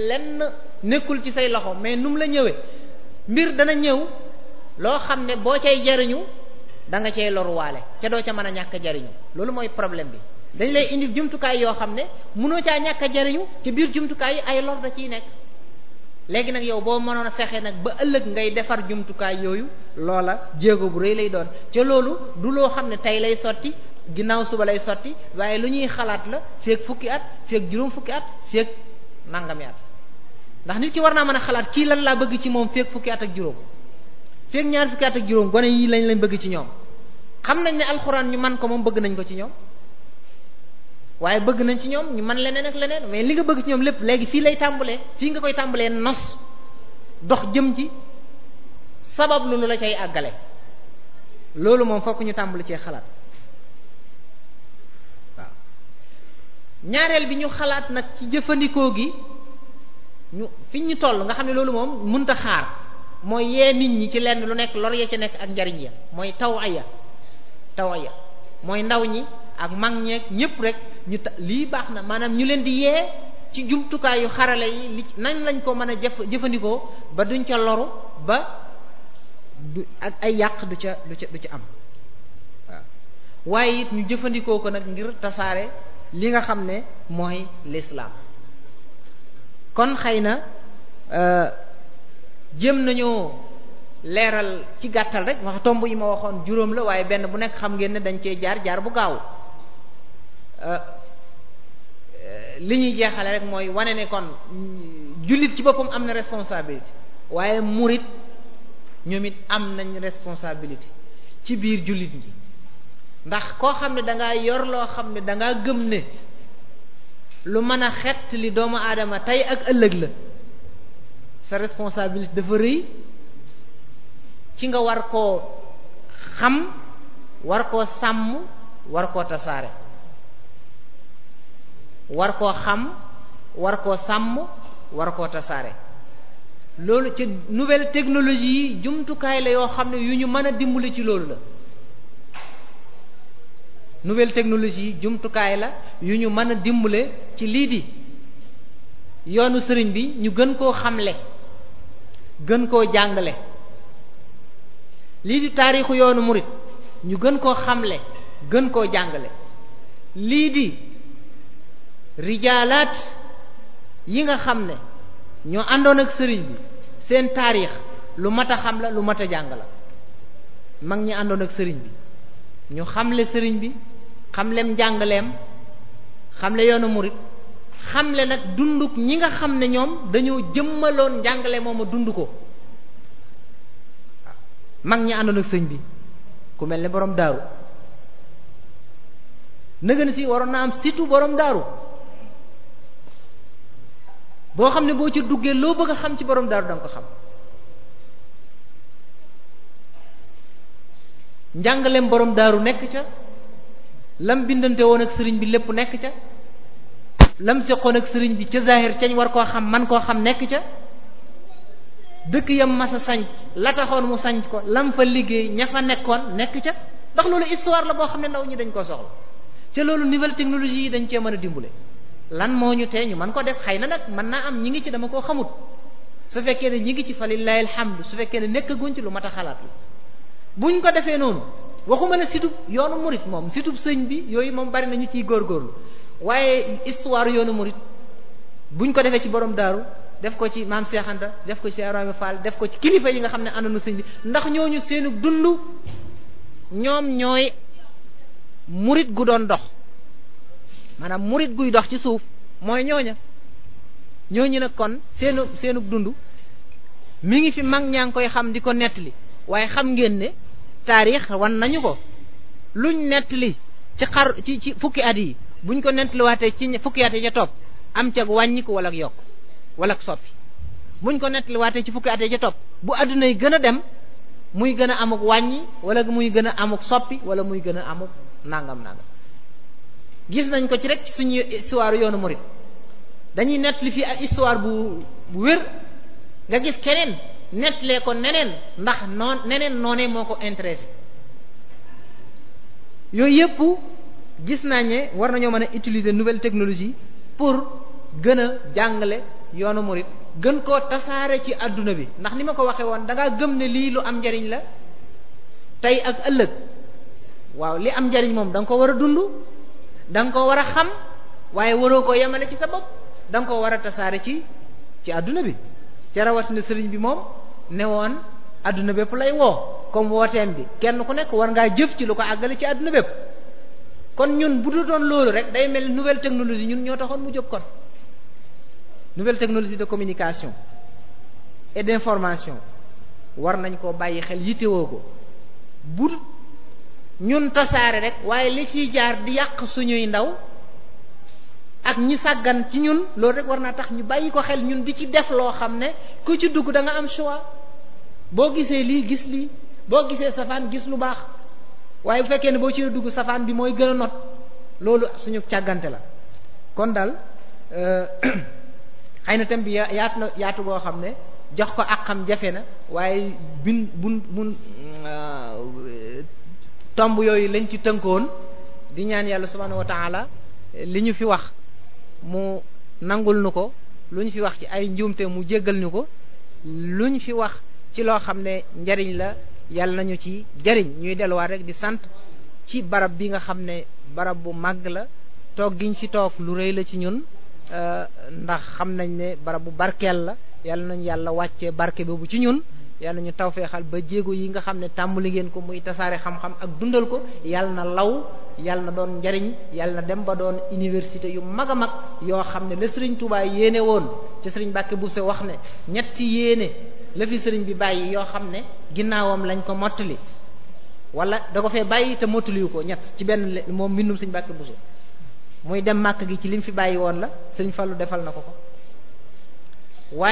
lenn nekkul ci say loxo mais nu la ñëwee mbir dana ñëw loo xam ne boo cay jariñu da nga cay loruwaale ca doo ca mën a ñàkk jariñu loolu mooy problème bi dañ lay indi jumtukaay yoo xam ne mënoo caa ñàkk jariñu ci biir jumtukaay yi ay lor da ciy nekk léegi nag yow boo mënoon a fexe nag ba ëllëg ngay defar jumtukaay yooyu loola jéego bu rëy lay doon ca loolu du loo xam ne tey lay sotti ginnaaw suba lay sotti waaye lu ñuy xalaat la feeg fukki at juróom fukki at feeg nangami at ndax nit ki war naa mën a xalaat kii lan laa bëgg ci moom feeg fukki at ak juróom feeg ñaar fukki at ak juróom gone yi lañ lañ bëgg ci ñoom xam nañ ni alxuraan ñu man ko moom bëgg nañ ko ci ñoom waaye bëgg nañ ci ñoom ñu man leneen ak leneen mais li nga bëgg ci ñoom lépp léegi fii lay tàmbalee fii nga koy tàmbalee nos dox jëm ji sabab lu la cay àggale loolu moom fokk ñu tàmbali cee xalaat ñaareel bi ñu xalaat nag ci jëfandikoo gi ñu fi ñu toll nga xam ne loolu moom mënta xaar mooy yee nit ñi ci lenn lu nekk lor ya ci nekk ak njariñ ya mooy taw aya taw aya mooy ndaw ñi ak mag ñeeg ñëpp rek ñu ta lii baax na maanaam ñu leen di yee ci jumtukaay yu xarala yi li nañ lañ ko mën a jëf jëfandikoo ba duñ ca loru ba du ak ay yàq du ca du ca du ca am waaw waaye it ñu jëfandikoo ko nag ngir tasaare li nga xam ne mooy lislaam kon xëy na euh, jëm nañoo leeral ci gàttal rek wax tomb yi ma waxoon juróom la waaye benn bu nekk xam ngeen ne dañ cee jaar jaar bu gaaw Euh, li ñuy jeexale rek mooy wane ne kon mm, jullit ci boppam am na responsabilité waaye murit ñoom it am nañ responsabilité ci biir jullit ñi ndax koo xam ne danga yor loo xam ne danga gëm ne lu mën a xett li doomu aadama tey ak ëllëg la sa responsabilité dafa rëy ci nga war koo xam war koo sàmm war koo tasaare war koo xam war koo sàmm war koo tasaare loolu ci nouvelle technologie yi jumtukaay la yoo xam ne yu ñu mën a dimbali ci loolu la nouvelle technologie yi jumtukaay la yu ñu mën a dimbale ci lii di yoonu sëriñ bi ñu gën koo xamle gën koo jàngale lii di taarixu yoonu murit ñu gën koo xamle gën koo jàngale lii rijaalaat yi nga xam ne ñoo àndoon ak sëriñ bi seen taarix lu mat a xam la lu mat a jàng la mag ñi àndoon ak sëriñ bi ñu xamle sëriñ bi xam xamlem njàngaleem xamle yoonu murit xamle nag dunduk ñi nga xam ne ñoom dañoo jëmmaloon njàngale moom a dund ko mag ñi àndoon ak sëriñ bi ku mel ne borom daaru nëgën si waroon na am surtout borom daaru boo xam ne boo ci duggee loo bëgg a xam ci borom daaru danga ko xam njàngaleem borom daaru nekk ca lam bindante woon ak sëriñ bi lépp nekk ca lam seqoon ak sëriñ bi ca zahir cañ war koo xam man koo xam nekk ca dëkk yam masa sanc la taxoon mu sanc ko lam fa liggéey ña fa nekkoon nekk ca ndax loolu histoire la boo xam ne ndaw ñi dañ koo soxla ca loolu nouvelle technologie yi dañ cee mën a dimbule lan moo ñu tee ñu mën ko def xëy na nag mën naa am ñi ngi ci dama koo xamut su fekkee ne ñi ngi ci fa lillahi alhamdu su fekkee ne nekkaguñ ci lu mat a xalaat la buñ ko defee noonu waxuma ne situb yoonu murit moom situb sëñ bi yooyu moom bari nañu ciy góorgóorlu waaye histoire yoonu murit buñ ko defee ci borom daaru def ko ci maam Cheikh def ko ci Ibrahima Fall def ko ci kilifa yi nga xam ne àndanu sëñ bi ndax ñooñu seenu dund ñoom ñooy murit gu doon dox maanaam murit guy dox ci suuf mooy ñooña ñooñu nag kon seenu seenu dund mi ngi fi mag ñaa ngi koy xam di ko nettali waaye xam ngeen ne taarix wan nañu ko luñ nettali ci xar ci ci fukki at yi buñ ko nettaliwaatee ci fukki yi ca topp am cag wàññiku wala yokk wala soppi buñ ko nettaliwaatee ci fukki at yi ca topp bu àdduna yi gën a dem muy gën a amuk wàññi wala muy gën a amuk soppi wala muy gën a amuk nangam nangam gis nañ ko ci rek suñuy histoire yoonu murid dañuy nettali fii ak histoire bu bu wér nga gis keneen nettalee ko neneen ndax noon neneen noonee moo ko intéressé yooyu yëpp gis naa ne war nañoo mën a utiliser nouvelle technologie pour gën a jàngale yoonu murid gën koo tasaare ci àdduna bi ndax ni ma ko waxee woon da gëm ne lii lu am njariñ la tey ak ëllëg waaw li am njariñ moom danga ko war a dund da nga ko war a xam waaye waroo ko yemale ci sa bopp da nga ko war a tasaare ci ci àdduna bi ca rawatina sëriñ bi moom ne woon àdduna bépp lay woo comme wooteem bi kenn ku nekk war ngaa jëf ci lu ko àggale ci àdduna bépp kon ñun bu du doon loolu rek day mel nouvelle technologie ñun ñoo taxoon mu jóg kon nouvelle technologie de communication et d'information war nañ koo bàyyi xel yittewoo ko bu ñun tasaare rek waaye li ciy jaar di yàq suñuy ndaw ak ñi sàggan ci ñun loolu rek war naa tax ñu bàyyi ko xel ñun di ci def loo xam ne ku ci dugg danga am choix boo gisee lii gis lii boo gisee safaan gis lu baax waaye bu fekkee ne boo ci dugg safaan bi mooy gën a not loolu suñu càggante la kon dal euh, *clears throat* xëy na tam bi yaatu na yaatu goo xam ne jox ko àqam jafe na waaye bin bun bun tomb yooyu lañ ci tënkoon di ñaan yàlla subhanahu wa ta'ala li ñu fi wax mu nangul nu ko lu ñu fi wax ci ay njuumte mu jéggal ñu ko lu ñu fi wax ci loo xam ne njariñ la yàlla nañu ci jariñ ñuy delluwaat rek di sant ci barab bi nga xam ne barab bu màgg la toog giñ fi toog lu rëy la ci ñun euh, ndax xam nañ ne barab bu barkeel la yàlla nañ yàlla wàccee barke boobu ci ñun yàlla ñu tawfeexal ba jéego yi nga xam ne tàmbali ngeen ko muy tasaare xam-xam ak dundal ko yàlla na law yàlla na doon njariñ yàlla dem ba doon université yu mag a mag yoo xam ne la sëriñ Touba yéene woon ci sëriñ Mbàkke Bousso wax ne ñetti yéene la fi sëriñ bi bàyyi yoo xam ne ginnaawam lañ ko mottali wala da ko fee bàyyi te mottaliwu ko ñett ci benn moom mbindum sëriñ Mbàkke Bousso muy dem màkk gi ci lim fi bàyyi woon la sëriñ Fallou defal na ko ko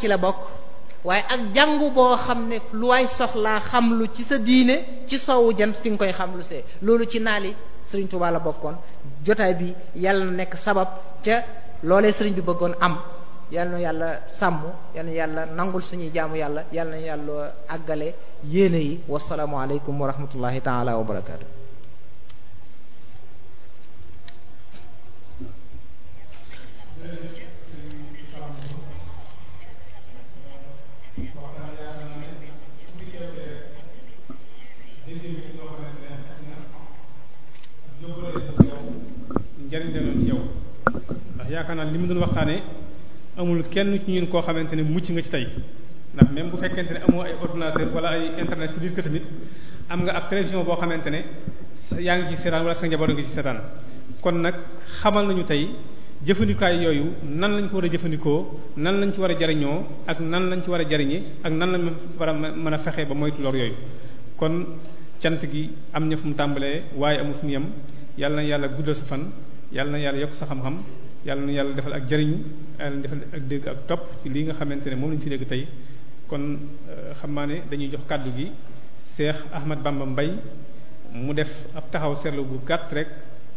ci la bokk waaye ak jàngu boo xam ne lu waay soxlaa xam lu ci sa diine ci soowu jant fi nga koy xam lu see loolu ci naali sëriñ Tuubaa la bokkoon jotaay bi yàlla na nekk sabab ca loolee sëriñ bi bëggoon am yàlla na yàlla sàmm yàlla na yàlla nangul suñuy jaamu yàlla yàlla na yàlla àggale yéene yi wasalaamu aleykum wa rahmatullahi taala wa barakaatu jariñ leen ci yow ndax yaakaar naa li mu doon waxtaanee amul kenn ci ñun koo xamante ne mucc nga ci tey ndax même bu fekkente ne amoo ay ordinateur wala ay internet si biir kër tamit am nga ab télévision boo xamante ne yaa ngi ci seetaan wala sa njaboot ngi ci seetaan kon nag xamal nañu tey jëfandikaay yooyu nan lañ ko war a jëfandikoo nan lañ ci war a jariñoo ak nan lañ ci war a jariñe ak nan lañ war a mën a fexe ba moytu lor yooyu kon cant gi am na fu mu tàmbalee waaye amul fu mu yàlla na yàlla guddal sa fan yàlla na yàlla yokk sa xam-xam yàlla na yàlla defal ak jariñ yàlla na defal ak dégg ak topp ci nga xamante ne moom lañu fi dégg tey kon euh, xam naa ne dañuy jox kàddu gi Cheikh Ahmad Bamba Mbaye mu def ab taxaw seetlu bu gàtt rek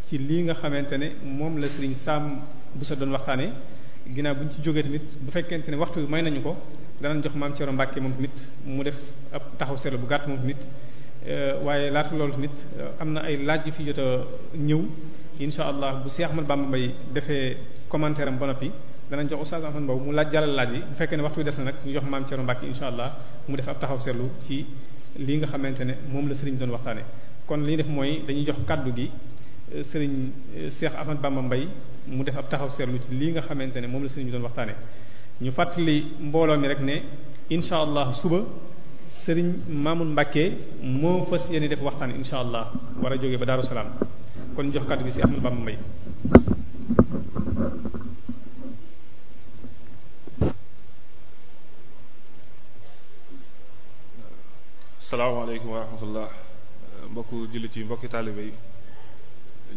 ci lii nga xamante ne moom la Serigne Sam bu sa doon waxtaane ginnaaw bu ñu ci jógee tamit bu fekkente ne waxtu bi may nañu ko danañ jox maam Thierno Mbacke moom tamit mu def ab taxaw seetlu bu gàtt moom tamit euh, waaye laata loolu tamit euh, am na ay laaj fi jot a ñëw incha allah bu Cheikh Ahmad Bamba Mbaye defee commentaire am ba noppi danañ jox Oustaz Ahmad Mbow mu laaj jàllal laaj yi bu fekkee ne waxtu des na nag ñu jox maam Thierno Mbacke incha allah mu def ab taxaw seetlu ci lii nga xamante ne moom la sëriñ doon waxtaane kon li ñu def mooy dañuy jox kaddu gi euh, sëriñ euh, Cheikh Ahmad Bamba Mbaye mu def ab taxaw seetlu ci lii nga xamante ne moom la sëriñ doon waxtaane ñu fàttali mbooloo mi rek ne incha allah suba sëriñ Mamoun Mbacke moo fas yéene def waxtaan incha allah war a jógee ba Darou Salaam kon jox kàddu gi si Ahmadou Bamba Mbaye salaamaaleykum wa rahmatullah mbokku jullit yi mbokki taalibe yi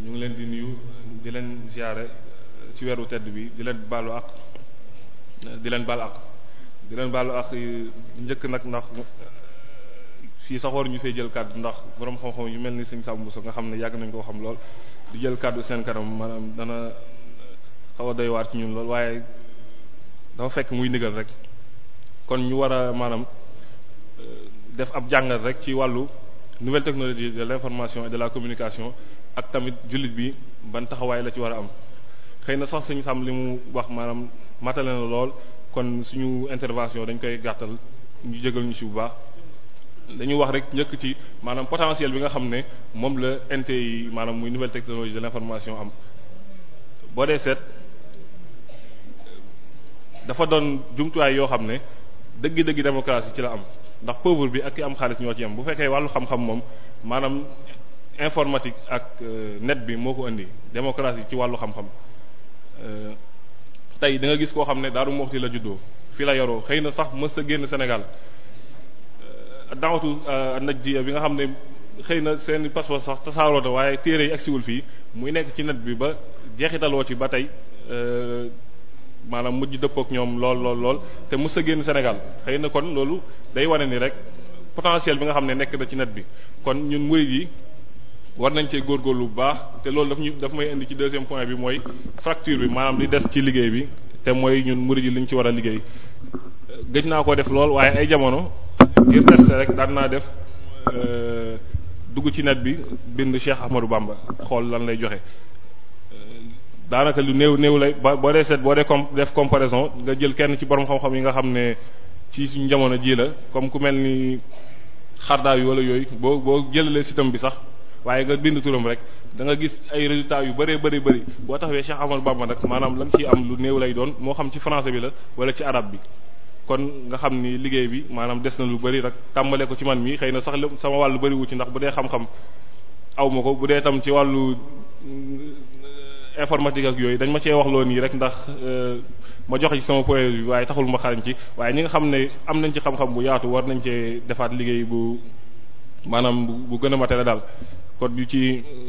ñu ngi leen di nuyu di leen ziare ci weeru tedd bi di leen baalu àq di leen baal àq di leen baalu àq njëkk nag ndax fii sax ñu fee jël kàddu ndax boroom xam-xam yu mel ni sëñ Samb Bousso nga xam ne yàgg nañ koo xam lool di jël kàddu seen kanam maanaam dana xaw a doy waar ci ñun lool waaye dafa fekk muy ndigal rek kon ñu war a maanaam euh, def ab jàngal rek ci wàllu nouvelle technologie de l'information et de la communication ak tamit jullit bi ban taxawaay la ci war a am xëy na sax sëñ Samb li mu wax maanaam matale na lool kon suñu intervention dañ koy gàttal ñu jégal ñu ci baax dañu wax rek njëkk ci maanaam potentiel bi nga xam ne moom la NT yi maanaam muy nouvelle technologie de l'information am boo dee seet dafa doon jumtuwaay yoo xam ne dëgg-dëgg démocratie ci la am ndax pauvre bi ak ki am xaalis ñoo ci am bu fekkee wàllu xam-xam moom maanaam informatique ak euh, net bi moo ko indi démocratie ci wàllu xam-xam euh, tey danga gis koo xam ne moo Muxti la juddoo fi la yoroo xëy na sax mës a génn Sénégal daawatu euh, najdiya bi nga xam ne xëy na seen passeport sax tasaaroo ta waaye téere yi agsiwul fii muy nekk ci net bi ba jeexitaloo ci ba tey euh, maanaam mujj dëppoo ak ñoom lool lool lool te mës a génn Sénégal xëy na kon loolu day wane ni rek potentiel bi nga xam ne nekk na ci net bi kon ñun murid war nañ cee góorgóorlu lu baax te loolu daf ñu daf may indi ci deuxième point bi mooy fracture bi maanaam li des ci liggéey bi te mooy ñun murid yi li ñu ci war a liggéey gëj naa ko def lool waaye ay jamono ngir tester rek daan naa def euh, dugg ci net bi bind Cheikh Ahmadou Bamba xool lan lay joxe euh, daanaka lu néew néew lay ba boo dee set boo dee def comparaison nga jël kenn ci borom xam-xam yi nga xam ne ci suñu jamono ji la comme ku mel ni xardaaw yi wala yooyu boo boo jëlalee sitam bi sax waaye nga bind turam rek danga gis ay résultats yu bëree bëri bëri boo taxawee Cheikh Ahmadou Bamba nag maanaam la ci am lu néew lay doon moo xam ci français bi la wala ci arab bi kon nga xam ni liggéey bi maanaam des na lu bari rek tàmbale ko ci man mii xëy na sax sama wàllu bariwu ci ndax bu dee xam-xam aw ma ko bu dee tam ci wàllu euh, informatique ak yooyu dañ ma cee wax loo nii rek ndax euh, ma joxe ci sama projet bi waaye taxul ma xarañ ci waaye ñi nga xam ne am nañ ci xam-xam bu yaatu war nañ cee defaat liggéey bu maanaam bu gën a matale daal kon ñu ci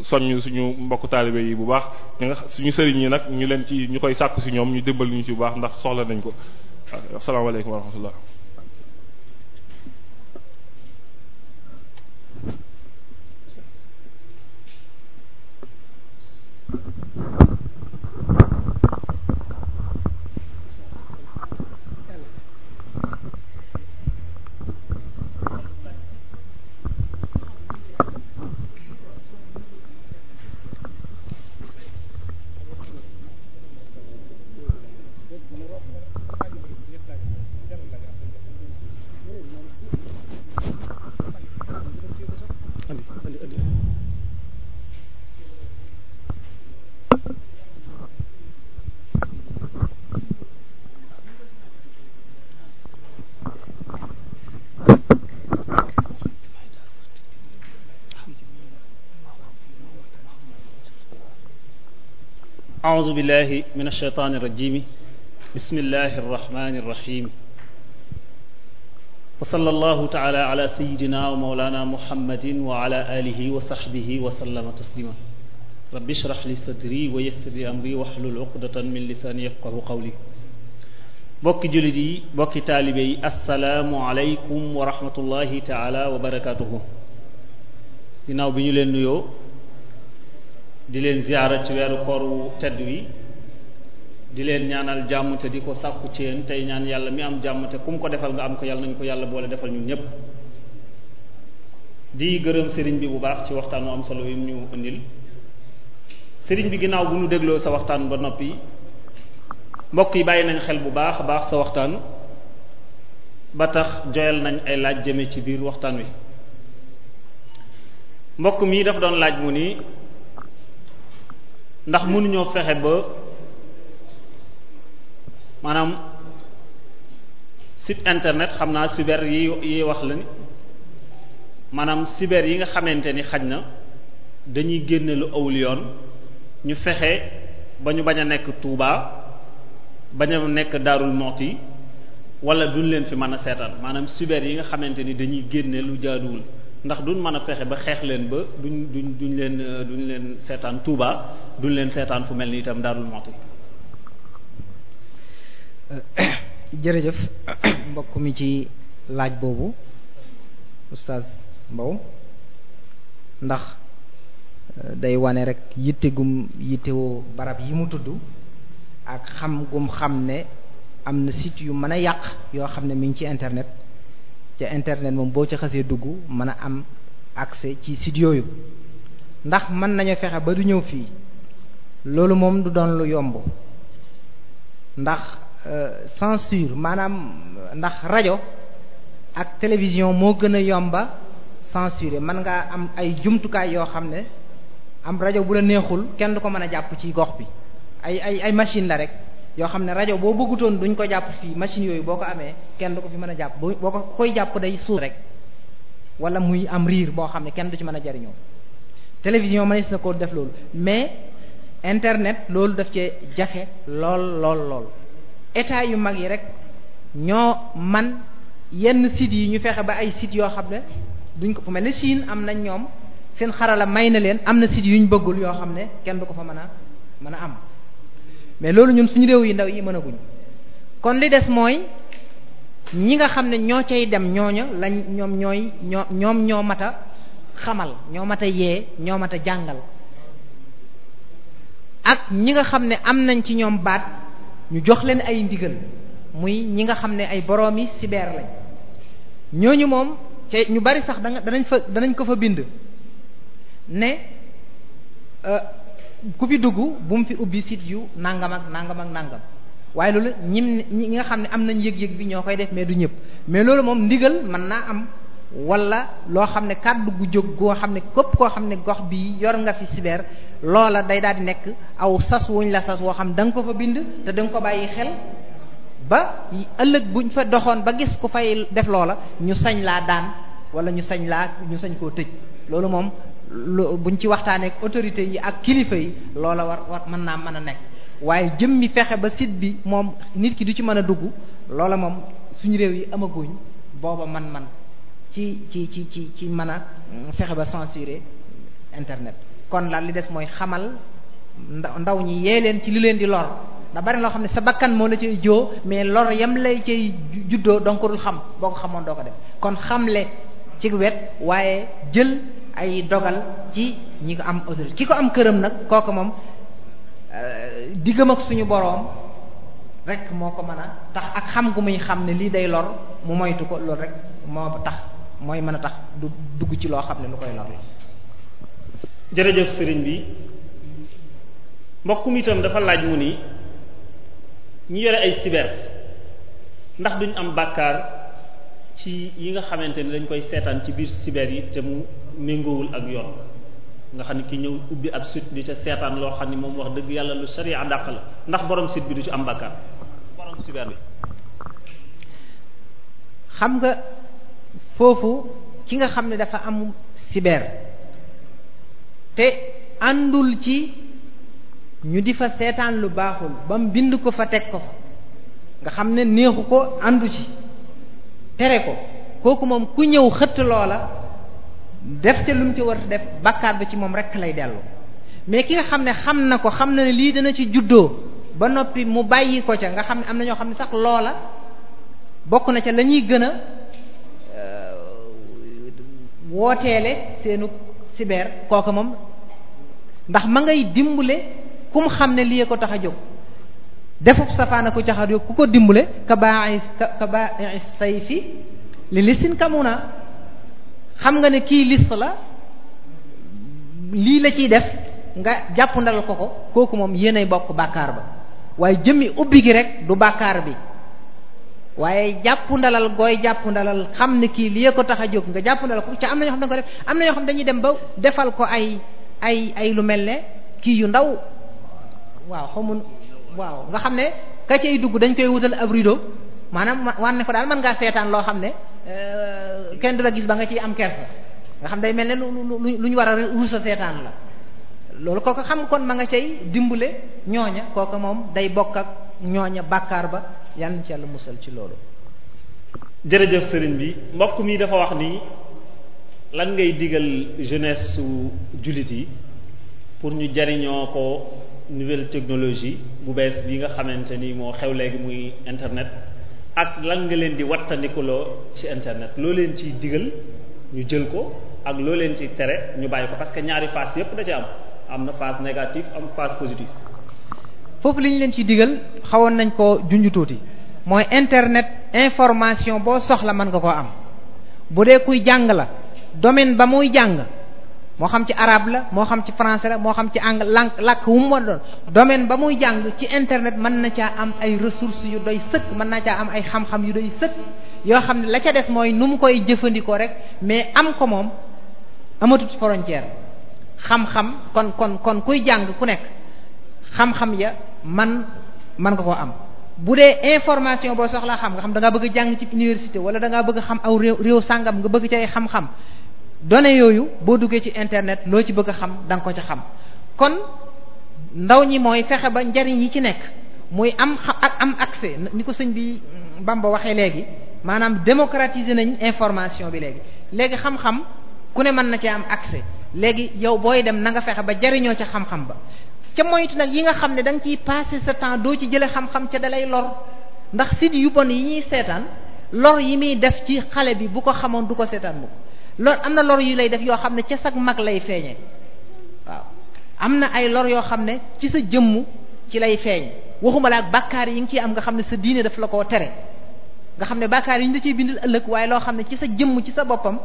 soññ suñu mbokk taalibe yi bu baax ñi nga suñu sëriñ yi nag ñu leen ci ñu koy sàkku si ñoom ñu dimbali ñu ci bu baax ndax soxla nañ ko asalaamaaleykum wa rahmatullah Thank you. أعوذ بالله من الشيطان الرجيم بسم الله الرحمن الرحيم وصلى الله تعالى على سيدنا ومولانا محمد وعلى آله وصحبه وسلم تسليما رب اشرح لي صدري ويسر لي أمري واحلل عقدة من لساني يفقه قولي bokki jullit yi bokki taalibe yi assalaamu aleykum wa rahmatullahi taala wa barakatuhu ginnaaw bi ñu leen nuyoo di leen ziyaara ci weeru koor wu tedd wi di leen ñaanal jàmm te di ko sàkku ci yéen tey ñaan yàlla mi am jàmm te kum ko defal nga am ko yàlla nañu ko yàlla boole defal ñun ñépp di gërëm sëriñ bi bu baax ci waxtaan wu am solo yi ñu indil sëriñ bi ginnaaw bu ñu dégloo sa waxtaan ba noppi mbokk yi bàyyi nañ xel bu baax a baax sa waxtaan ba tax joyal nañ ay laaj jëme ci biir waxtaan wi mbokk mi dafa doon laaj mu ni ndax mënuñoo fexe ba maanaam site internet xam naa cyber yi yi wax la ni maanaam cyber yi nga xamante ni xaj na dañuy génne lu awul yoon ñu fexe ba ñu bañ a nekk Touba bañ a nekk Darou Moukhty wala duñ leen fi mën a seetal maanaam cyber yi nga xamante ni dañuy génne lu jaaduwul ndax duñ mën a fexe ba xeex leen ba duñ duñ duñ leen euh, duñ leen seetaan tuuba duñ leen seetaan fu mel ni itam Darou Moukhty *coughs* jërëjëf *coughs* mbokk mi ci laaj boobu oustaz Mbow ndax euh, day wane rek yitte gum yittewoo barab yi mu tudd ak xam gum xam ne am na site yu mën a yàq yoo xam ne mi ngi ci internet ca internet moom boo ci xasee dugg mën a am accès ci sit yooyu ndax mën nañu fexe ba du ñëw fii loolu moom du doon lu yomb ndax euh, censure maanaam ndax rajo ak télévision moo gën a yomba censuré mën ngaa am ay jumtukaay yoo xam ne am rajo bu la neexul kenn du ko mën a jàpp ci gox bi ay ay ay machine la rek yoo xam ne rajo boo bëggutoon duñ ko jàpp fii machine yooyu boo ko amee kenn du ko fi mën a jàpp boo ko koy jàpp day suuf rek wala muy am riir boo xam ne kenn du ci mën a jariñoo télévision mënees na koo def loolu mais internet loolu daf cee jafe lool lool lool état yu mag yi rek ñoo man yenn sites yi ñu fexe ba ay sites yoo xam ne duñ ko fu mel ne Chine am nañ ñoom seen xarala may na leen am na sites yuñ bëggul yoo xam ne kenn du ko fa mën a mën a am mais loolu ñun suñu réew yi ndaw yi mënaguñ kon li des mooy ñi nga xam ne ñoo cey dem ñooña lañ ñoom ñooy ñoo ñoom ñoo mat a xamal ñoo mat a yee ñoo mat a jàngal ak ñi nga xam ne am nañ ci ñoom baat ñu jox leen ay ndigal muy ñi nga xam ne ay boroom yi sibeer lañ ñooñu moom ca ñu bari sax danañ fa danañ ko fa bind ne euh, ku fi dugg bu mu fi ubbi site yu nangam ak nangam ak nangam waaye loolu ñim ñi nga xam ne am nañ yëg-yëg bi ñoo koy def mais du ñëpp mais loolu moom ndigal mën naa am walla loo xam ne kàddu gu jóg goo xam ne képp koo xam ne gox bi yor nga fi cyber loola day daal di nekk aw sas wuñ la sas woo xam da nga ko fa bind te danga ko bàyyi xel ba ëllëg buñ fa doxoon ba gis ku fay def loola ñu sañ laa daan wala ñu sañ laa ñu sañ koo tëj loolu moom lu buñ ci waxtaanee ak autorités yi ak kilifa yi loola war war mën naa mën a nekk waaye jëmmi fexe ba site bi moom nit ki du ci mën a dugg loola moom suñu réew yi amaguñ booba man-man ci ci ci ci ci mën a mm, fexe ba censurer internet kon la li des mooy xamal ndaw ñi yee leen ci li leen di lor da bari loo xam ne sa bakkan moo la cay joo mais lor yam lay cay juddoo donc dul xam boo ko xamoon doo ko def kon xamle ci wet waaye jël ay dogal ci ñi ko am autorité ki ko am këram nag kooku moom euh, diggam ak suñu boroom rek moo ko mën a tax ak xam gu muy xam ne lii day lor mu moytu ko loolu rek moo tax mooy mën a tax du dugg ci loo xam ne lu koy lor la jërëjëf sëriñ bi mbokk itam dafa laaj mu nii ñi yore ay siber ndax duñ am bàkkaar ci yi nga xamante ni dañ koy seetaan ci biir siber yi te mu méngoowul ak yoon nga xam ne ki ñëw ubbi ab site di ca seetaan loo xam ni moom wax dëgg yàlla lu sariya dàq la ndax borom site bi du ci am bàkkaar borom site bi xam nga foofu ki nga xam ne dafa am cyber te àndul ci ñu di fa seetaan lu baaxul ba mu bind ko fa teg ko nga xam ne néexu ko àndu ci tere ko kooku moom ku ñëw xëtt loola def ca lu mu ci war def bàkkaar bi ci moom rek lay dellu mais ki nga xam ne xam na ko xam na ne lii dana ci juddoo ba noppi mu bàyyi ko ca nga xam ne am na ñoo xam ne sax loola bokk na ca lañuy ñuy gën a euh, wooteele seenu sibeer kooka moom ndax ma ngay dimbule kum xam ne lii ko tax a jóg defub safaana ko caxat yo ku ko dimbule ka baaxi ka baaxi sayfi li lisin kamuna xam nga ne kii liste la lii la ciy def nga jàpp ndal ko ko kooku moom yéenay bokk bàkkaar ba waaye jëmmi ubbi gi rek du bàkkaar bi waaye jàpp ndalal gooy jàpp ndalal xam ne kii li ko tax a jóg nga jàpp ndalal ko ca am na ñoo xam ko def am na ñoo xam dañuy dem ba defal ko ay ay ay lu mel ne kii yu ndaw waaw xamun waaw nga xam ne ka cay dugg dañ koy wutal ab rideau maanaam wan ne ko daal mën ngaa seetaan loo xam ne kenn du la gis ba nga ciy am kersa nga xam day mel ne lu lu lu ñu war a ruusa seetaan la loolu kooku xam kon ma nga cay dimbale ñooña kooku moom day bokk ak ñooña bàkkaar ba yal na ci yàlla musal ci loolu. jërëjëf sëriñ bi mbokk mi dafa wax ni lan ngay digal jeunesse su jullit yi pour ñu jariñoo ko nouvelle technologie bu bees bi nga xamante ni moo xew léegi muy internet. ak lan nga leen di wattandikuloo ci internet loo leen ciy digal ñu jël ko ak loo leen ciy tere ñu bàyyi ko parce que ñaari phase yépp da ci am am na phase négative am phase positive. foofu li ñu leen ciy digal xawoon nañ ko junj tuuti mooy internet information boo soxla mën nga ko am bu dee kuy jàng la domaine ba muy jàng. moo xam ci arabe la moo xam ci français la moo xam ci ang lànk làkk wu mu doon domaine ba muy jàng ci internet mën na caa am ay ressources yu doy sëkk mën na caa am ay xam-xam yu doy sëkk yoo xam ne la ca des mooy nu mu koy jëfandikoo rek mais am ko moom amatut frontière xam-xam kon kon kon kuy jàng ku nekk xam-xam ya man man nga koo am bu dee information boo soxlaa xam nga xam da bëgg jàng ci université wala da bëgg xam aw réew réew sàngam nga bëgg ca ay xam-xam données yooyu boo duggee ci internet loo ci bëgg a xam da nga ko ca xam kon ndaw ñi mooy fexe ba njariñ yi ci nekk muy am xam ak am accès ni ko sëñ bi ba waxee léegi maanaam démocratiser nañ information bi léegi léegi xam-xam ku ne mën na cee am accès léegi yow booy dem na nga fexe ba jariñoo ca xam-xam ba ca moytu nag yi nga xam ne da nga ciy passer sa temps doo ci jële xam-xam ca dalay lor ndax sit yu bon yi ñuy seetaan lor yi muy def ci xale bi bu ko xamoon du ko seetaan mukk lor am na lor yu lay def yoo xam ne ca sag mag lay feeñee waaw am na ay lor yoo xam ne ci sa jëmm ci lay feeñ waxuma la ak bàkkaar yi nga ciy am nga xam ne sa diine daf la koo tere nga xam ne bàkkaar yi ñu ciy bindal ëllëg waaye loo xam ne ci sa jëmm ci sa boppam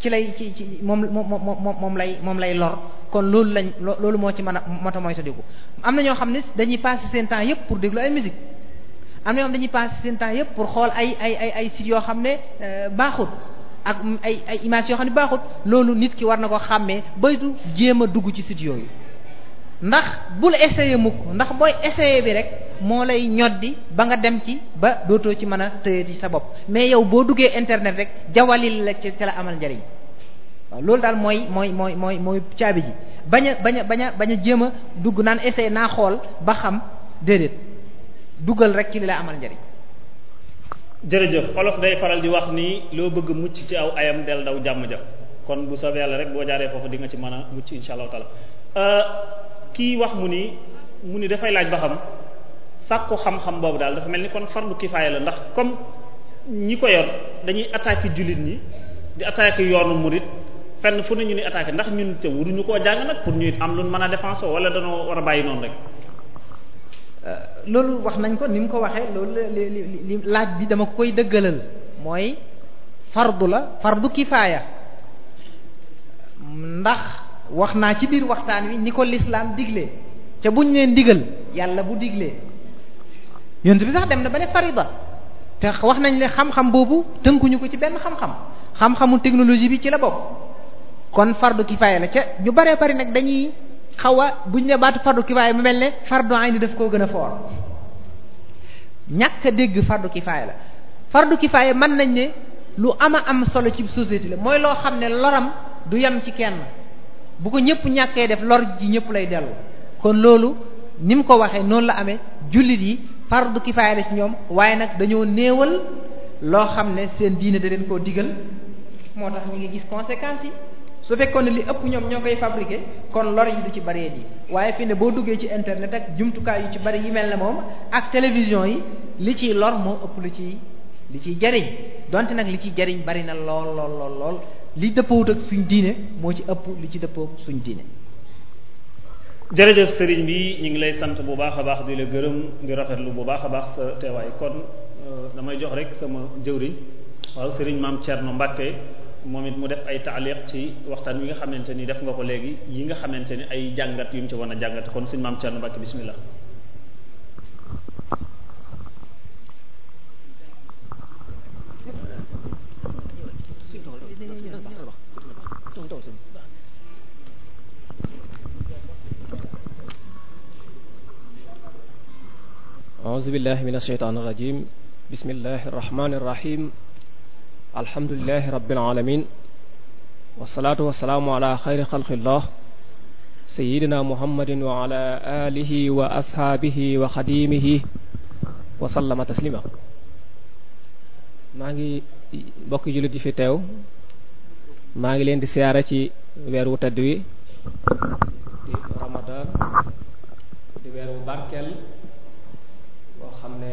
ci lay ci ci moom moom moom moom lay moom lay lor kon loolu lañ loolu moo ci mën a moo tax mooy tëddiku am na ñoo xam ne dañuy passer seen temps yépp pour déglu ay musique am na dañuy passer seen temps yépp pour xool ay ay ay ay sites yoo xam ne euh, baaxul ak ay ay yoo xam ne baaxut loolu nit ki war na ko xàmmee bay du jéem a dugg ci site yooyu ndax bul essayer mukk ndax booy essayer bi rek moo lay ñoddi ba nga dem ci ba dootoo ci mën a tëye ci sa bopp mais yow boo duggee internet rek jawalil la ci la amal njariñ loolu daal mooy mooy mooy mooy mooy caabi ji bañ a bañ a bañ a bañ a jéem a dugg naan essayer naa xool ba xam déedéet dugal rek ci li la amal njariñ jërëjëf olof day faral di wax ni loo bëgg mucc ci aw ayam del daw jàmm ja kon bu soobee yàlla rek boo jaaree foofu di nga ci mën a mucc insha allahu taala euh, kii wax mu ni mu ni dafay laaj ba xam sàkku xam-xam boobu daal dafa mel ni kon fardu kifaaya la ndax comme ñi ko yor dañuy attaquer jullit ñi di attaquer yoonu murit fenn fu ne ñu ni attaquer ndax ñun te wuruñu koo jàng nag pour ñu it am lu mën a défense wala danoo war a bàyyi noonu rek Euh, loolu wax nañ ko ni mu ko waxee loolu li laaj bi dama ko koy dëggalal mooy fardu la fardu kifaaya ndax wax naa ci biir waxtaan wi ni ko lislaam digle ca buñ leen digal yàlla bu digle yonent bi sax dem na ba ne farida te wax nañ ne xam-xam boobu tënkuñu ko ci benn xam-xam xam-xamu technologie bi ci la bokk kon fardu kifaaya la ca ñu bare bari nag dañuy xaw a buñ ne baatu fardu kifaaya mu mel ne far fardu ayni daf koo gën a foor ñàkk a dégg fardu kifaaya la fardu kifaaya mën nañ ne lu ama am solo ci société la mooy loo xam ne loram du yem ci kenn bu ko ñëpp ñàkkee def lor ji ñëpp lay dellu kon loolu ni mu ko waxee noonu la amee jullit yi fardu kifaaya la ci ñoom waaye nag dañoo néewal loo xam ne seen diine da leen koo digal moo tax ñu ngi gis conséquences yi su fekkoon ne li ëpp ñoom ñoo koy fabriqué kon lor yi du ci bëree yi waaye fi ne boo duggee ci internet ak jumtukaay yu ci bari yi mel na moom ak télévision yi li ciy lor moo ëpp lu ciy li ciy jariñ donte nag li ciy jariñ bari na lool lool lool lool li dëppoowut ak suñ diine moo ci ëpp li ci dëppoo suñ diine jërëjëf sëriñ bi ñu ngi lay sant bu baax a baax di la gërëm di rafetlu bu baax a baax sa teewaay kon euh, damay jox rek sama jëwriñ waaw sëriñ maam Thierno Mbacke moom it mu def ay taaliq ci waxtaan wi nga xamante ni def nga ko léegi yi nga xamante ni ay jàngat yu mu ci wan a jàngat kon suñ maam Thierno Mbacke bismillah a'uuzu billahi mina shaytaani rajiim bismillahi rahmaani rahiim alhamdulilahi rabbil alamin wasalaatu wasalaamu ala xayri xalqillah sayidina muhammadin wa ala alihi wa ashaabihi wa xadimihi wa sallama taslima maa ngi bokki jullit yi fi teew maa ngi leen di siyaare ci weer wu tedd wi di ramadan di weer wu barkeel boo xam ne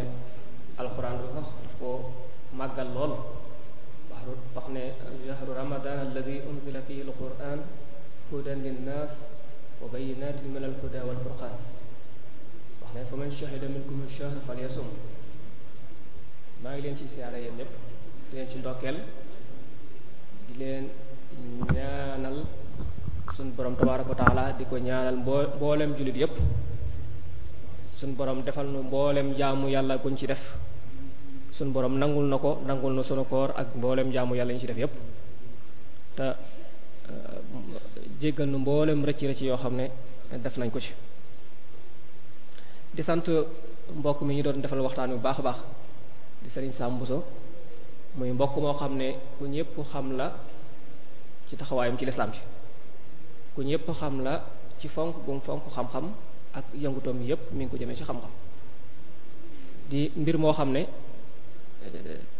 alxuraan du sax ko màggal lool wax ne shahru ramadan alladi unzila fihi alquran hudan linnas wa bayinatin min alhuda walfurqan wax ne fa man shahida minkum shahr falyasum maa ngi leen ci siyaare yéen ñëpp di leen ci ndokkeel di leen ñaanal suñ borom tabaraka wa taala di ko ñaanal mboo mboolem jullit yépp suñ boroom defal nu mboolem jaamu yàlla guñ ci def suñ boroom nangul na ko nangul na sunu koor ak mboolem jaamu yàlla ñu ci def yépp te eh, jéggal nu mboolem rëcc rëcc yoo xam ne def nañ ko ci di sant mbokk mi ñu doon defal waxtaan bu baax a baax di sëriñ saa Bousso muy mbokk moo xam ne ku ñëpp xam la ci taxawaayam ci lislaam ci ku ñëpp xam la ci fonk gum fonk xam-xam ak yëngutoom yépp mi ngi ko jëmee ci xam-xam di mbir moo xam ne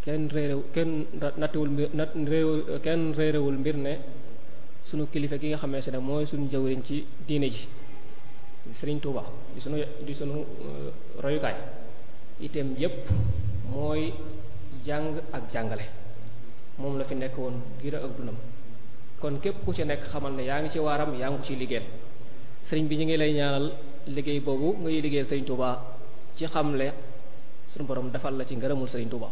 kenn réeréw kenn réerewul mbir ne sunu kilifa gi nga xamee si ne mooy sunu jëwriñ ci diine ji Sëriñ Tuuba di sunu di sunu uh, royukaay itam yépp mooy jàng ak jàngale moom la fi nekk woon gira ak dundam kon képp ku ci nekk xamal ne yaa ngi ci waaram yaa ngi ci liggéeyal sëriñ bi ñu ngi lay ñaanal liggéey boobu ngay liggéeyal Sëriñ Tuuba ci xamle suñu borom defal la ci ngërëmul Serigne Touba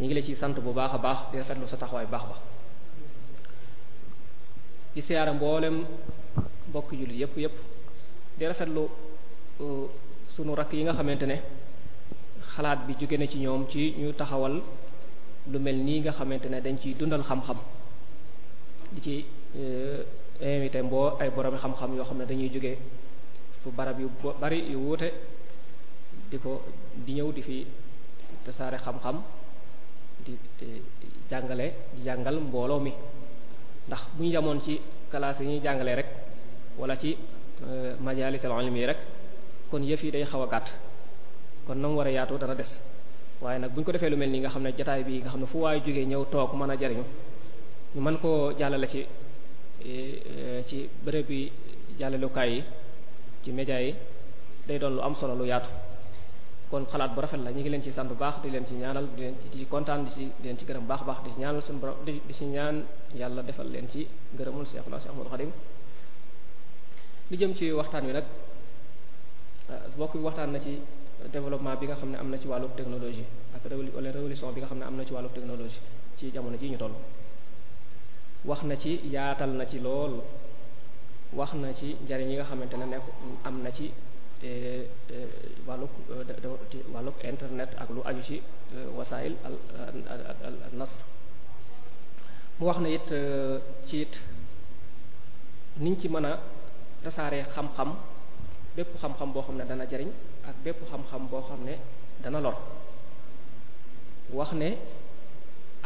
ñu ngi la ciy sant bu baax a baax di rafetlu sa taxawaay baax ba di siyaara mboolem mbokk jullit yépp yépp di rafetlu uh, sunu rakk yi nga xamante ne xalaat bi jóge na ci ñoom ci ñu taxawal lu mel nii nga xamante ne dañ ciy dundal xam-xam di ci uh, invité mboo ay boromi xam-xam yoo xam ne dañuy jóge fu barab yu bari yu wuute di ko di ñëw di fi tasaare xam-xam di eh, jàngale di jàngal mbooloo mi ndax bu ñu jamoon ci classe yi ñuy jàngalee rek wala ci eh, majalis al-ilm yi rek kon yëf yi day xaw a gàtt kon na mu war a yaatoo dana des waaye nag bu ñu ko defee lu mel nii nga xam ne jataay bii nga xam ne fu waaye jógee ñëw toog mën a jariñu ñu mën koo jàllale ci eh, ci bërëb bi jàllalukaay yi ci média yi day doon lu am solo lu yaatu kon xalaat bu rafet la ñu ngi leen ci sant bu baax di leen ci ñaanal di leen ci kontaan di ci di leen ci gërëm baax baax di ci ñaanal suñu borom di ci ñaan yàlla defal leen ci gërëmul Cheikh Ahmadou Khadim li jëm ci waxtaan wi nag euh, bokk bi waxtaan na ci développement bi nga xam ne am na ci wàllu technologie ak wala bi nga xam ne na ci wàllu technologie ci jamono ji ñu toll wax na ci yaatal na ci lool wax na ci njariñ yi nga xamante ne nekk am na ci Euh, euh, euh, wàllug internet ak lu aju ci wasaayil al al nasr mu wax na it ci it niñ ci mën a tasaaree xam-xam bépp xam-xam boo xam ne dana jariñ ak bépp xam-xam boo xam ne dana lor wax ne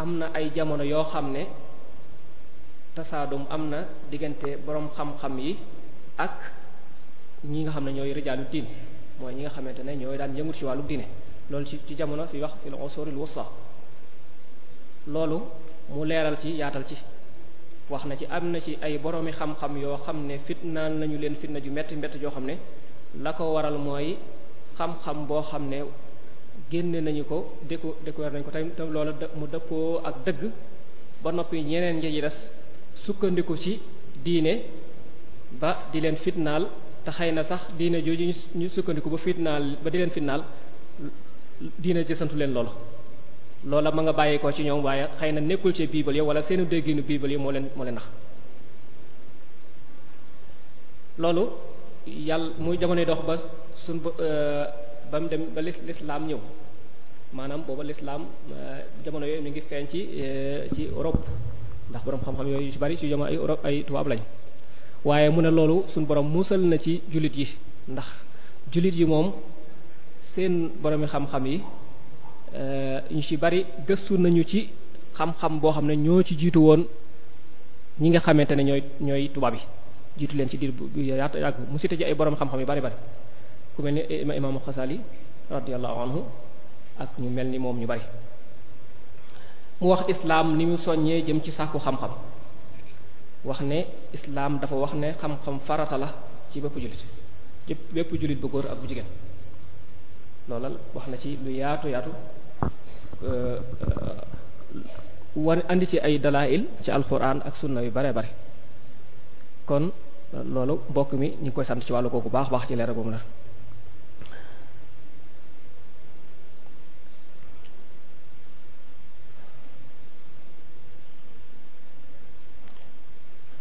am na ay jamono yoo xam ne tasaadum am na diggante boroom xam-xam yi ak ñi nga xam ne ñooy rijaalu diin mooy ñi nga xamante ne ñooy daan yëngut ci wàllu diine loolu ci ci jamono fi wax fi la usuril wusta loolu mu leeral ci yaatal ci wax na ci am na ci ay boroomi xam-xam yoo xam ne fitnaan nañu leen fitna ju metti metti joo xam ne la ko waral mooy xam-xam boo xam ne génne nañu ko déco découvert nañu ko tamit loolu mu dëppoo ak dëgg ba noppi ñeneen ñi des sukkandiku ci diine ba di leen fitnaal te xay na sax diina jooju ñu sukkandiku ba fitnaal ba di leen fitnaal diine ci santu leen loolu loola ma nga bàyyeekoo ci ñoom waaye xëy na nekkul ci biibal yi wala seenu dégginu biibal yi moo leen moo leen nax loolu yàlla muy jamonoy dox ba sun ba euh, mu dem ba lislaam ñëw maanaam booba lislaam euh, jamono yooyu mi ngi feeñ ci euh, ci Europe ndax boroom xam-xam yooyu ci bari ci jamono ay Europe ay tubaab lañ waaye mu ne loolu suñ borom musal na ci jullit yi ndax jullit yi moom seen boromi xam-xam yi euh, ñu ci bari gëstu nañu ci xam-xam boo xam ne ñoo ci jiitu woon ñi nga xamante ne ñooy ñooy tubaab yi jiitu leen ci diir bu yaatu yàgg mu cité ci ay borom xam-xam yu bari bari ku mel ni imaamu Xasali radiyallahu anhu ak ñu mel ni moom ñu bari mu wax islaam ni mu soññee jëm ci sàkku xam-xam wax ne islaam dafa wax ne xam-xam farata la ci bépp jullit yëpp bépp jullit bu góor ak bu jigéen loola wax na ci lu yaatu yaatu euh, wan andi ci ay dalail ci alquran ak sunna yu bare bare kon loolu mbokk mi ñu ngi koy sant ci wàllu kooku baax baax ci leer a boobu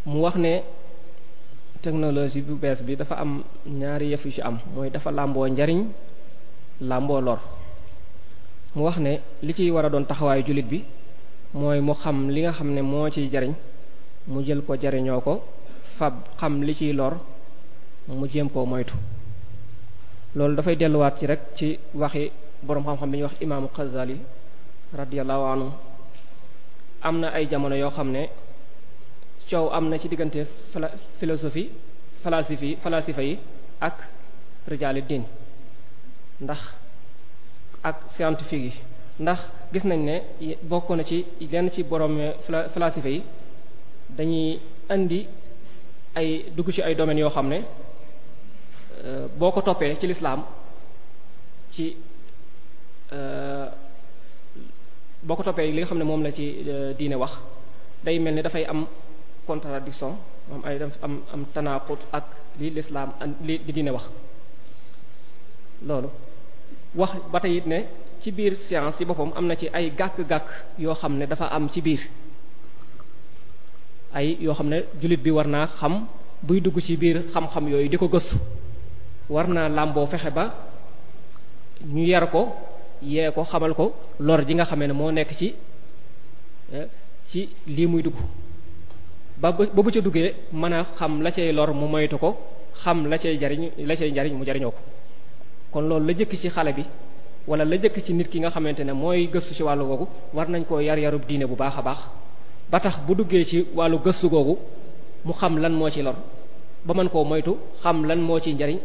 mu wax ne technologie bu bees bi dafa am ñaari yëf yu ci am mooy dafa làmboo njariñ làmboo lor mu wax ne li ciy war a doon taxawaayu jullit bi mooy mu xam li nga xam ne moo ciy jariñ mu jël ko jariñoo ko fab xam li ciy lor mu jéem ko moytu loolu dafay delluwaat ci rek ci waxi boroom xam-xam bi ñuy wax imaamu Xazali radiyallahu am na ay jamono yoo xam ne coow am na ci diggante fala philosophie falasifi falasifa yi ak rijaali din ndax ak scientifique yi ndax gis nañ ne bokkoon na ci lenn ci borom falasifa eh, yi dañuy indi ay dugg ci ay domaines yoo xam ne eh, boo ko toppee ci lislaam ci eh, boo ko toppee li nga xam ne moom la ci diine wax day mel ni dafay am contradiction am ay am am tanaqut ak lii lislaam li li wax loolu wax ba tey it ne ci biir science ci boppam am na ci ay gàkk-gàkk yoo xam ne dafa am ci biir ay yoo xam ne jullit bi war naa xam buy dugg ci biir xam-xam yooyu di ko gëstu war naa làmboo fexe ba ñu yar ko yee ko xamal ko lor ji nga xamee ne moo nekk ci eh, ci lii muy dugg ba ba bu ca duggee mën a xam la cay lor mu moytu ko xam la cay jariñ la cay njariñ mu jariñoo ko kon loolu la jëkk ci xale bi wala la jëkk ci nit ki nga xamante ne mooy gëstu ci wàllu googu war nañ koo yar yarub diine bu baax a baax ba tax bu duggee ci wàllu gëstu googu mu xam lan moo ci lor ba mën koo moytu xam lan moo ciy njariñ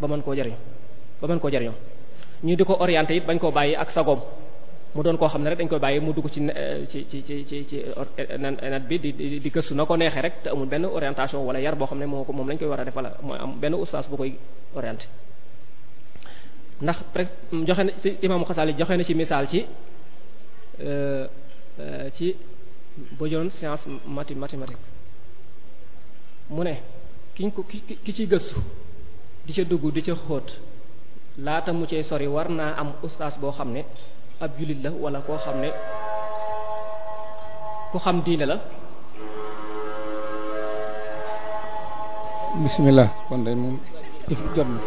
ba mën koo jariñ ba mën koo jariñoo ñu di ko orienté it bañ koo bàyyi ak sagoom mu doon koo xam ne rek dañ koy bàyyi mu dugg ci euh, ci ci ci ci ci euh, net bi di di gëstu na ko neexee rek te amul benn orientation wala yar boo xam ne moo ko moom lañ koy war a defal mooy am benn ustaas bu koy orienté ndax presque joxe na ci joxe na ci misaal ci euh, ci boo jëloon science mathématique mu ne kiñ ko ki ciy gëstu di ca dugg di ca xóot laata mu cee sori war naa am ustaas boo xam ne ab jullit la walla koo xam ne ku xam diine la bismillah kon day moom jot na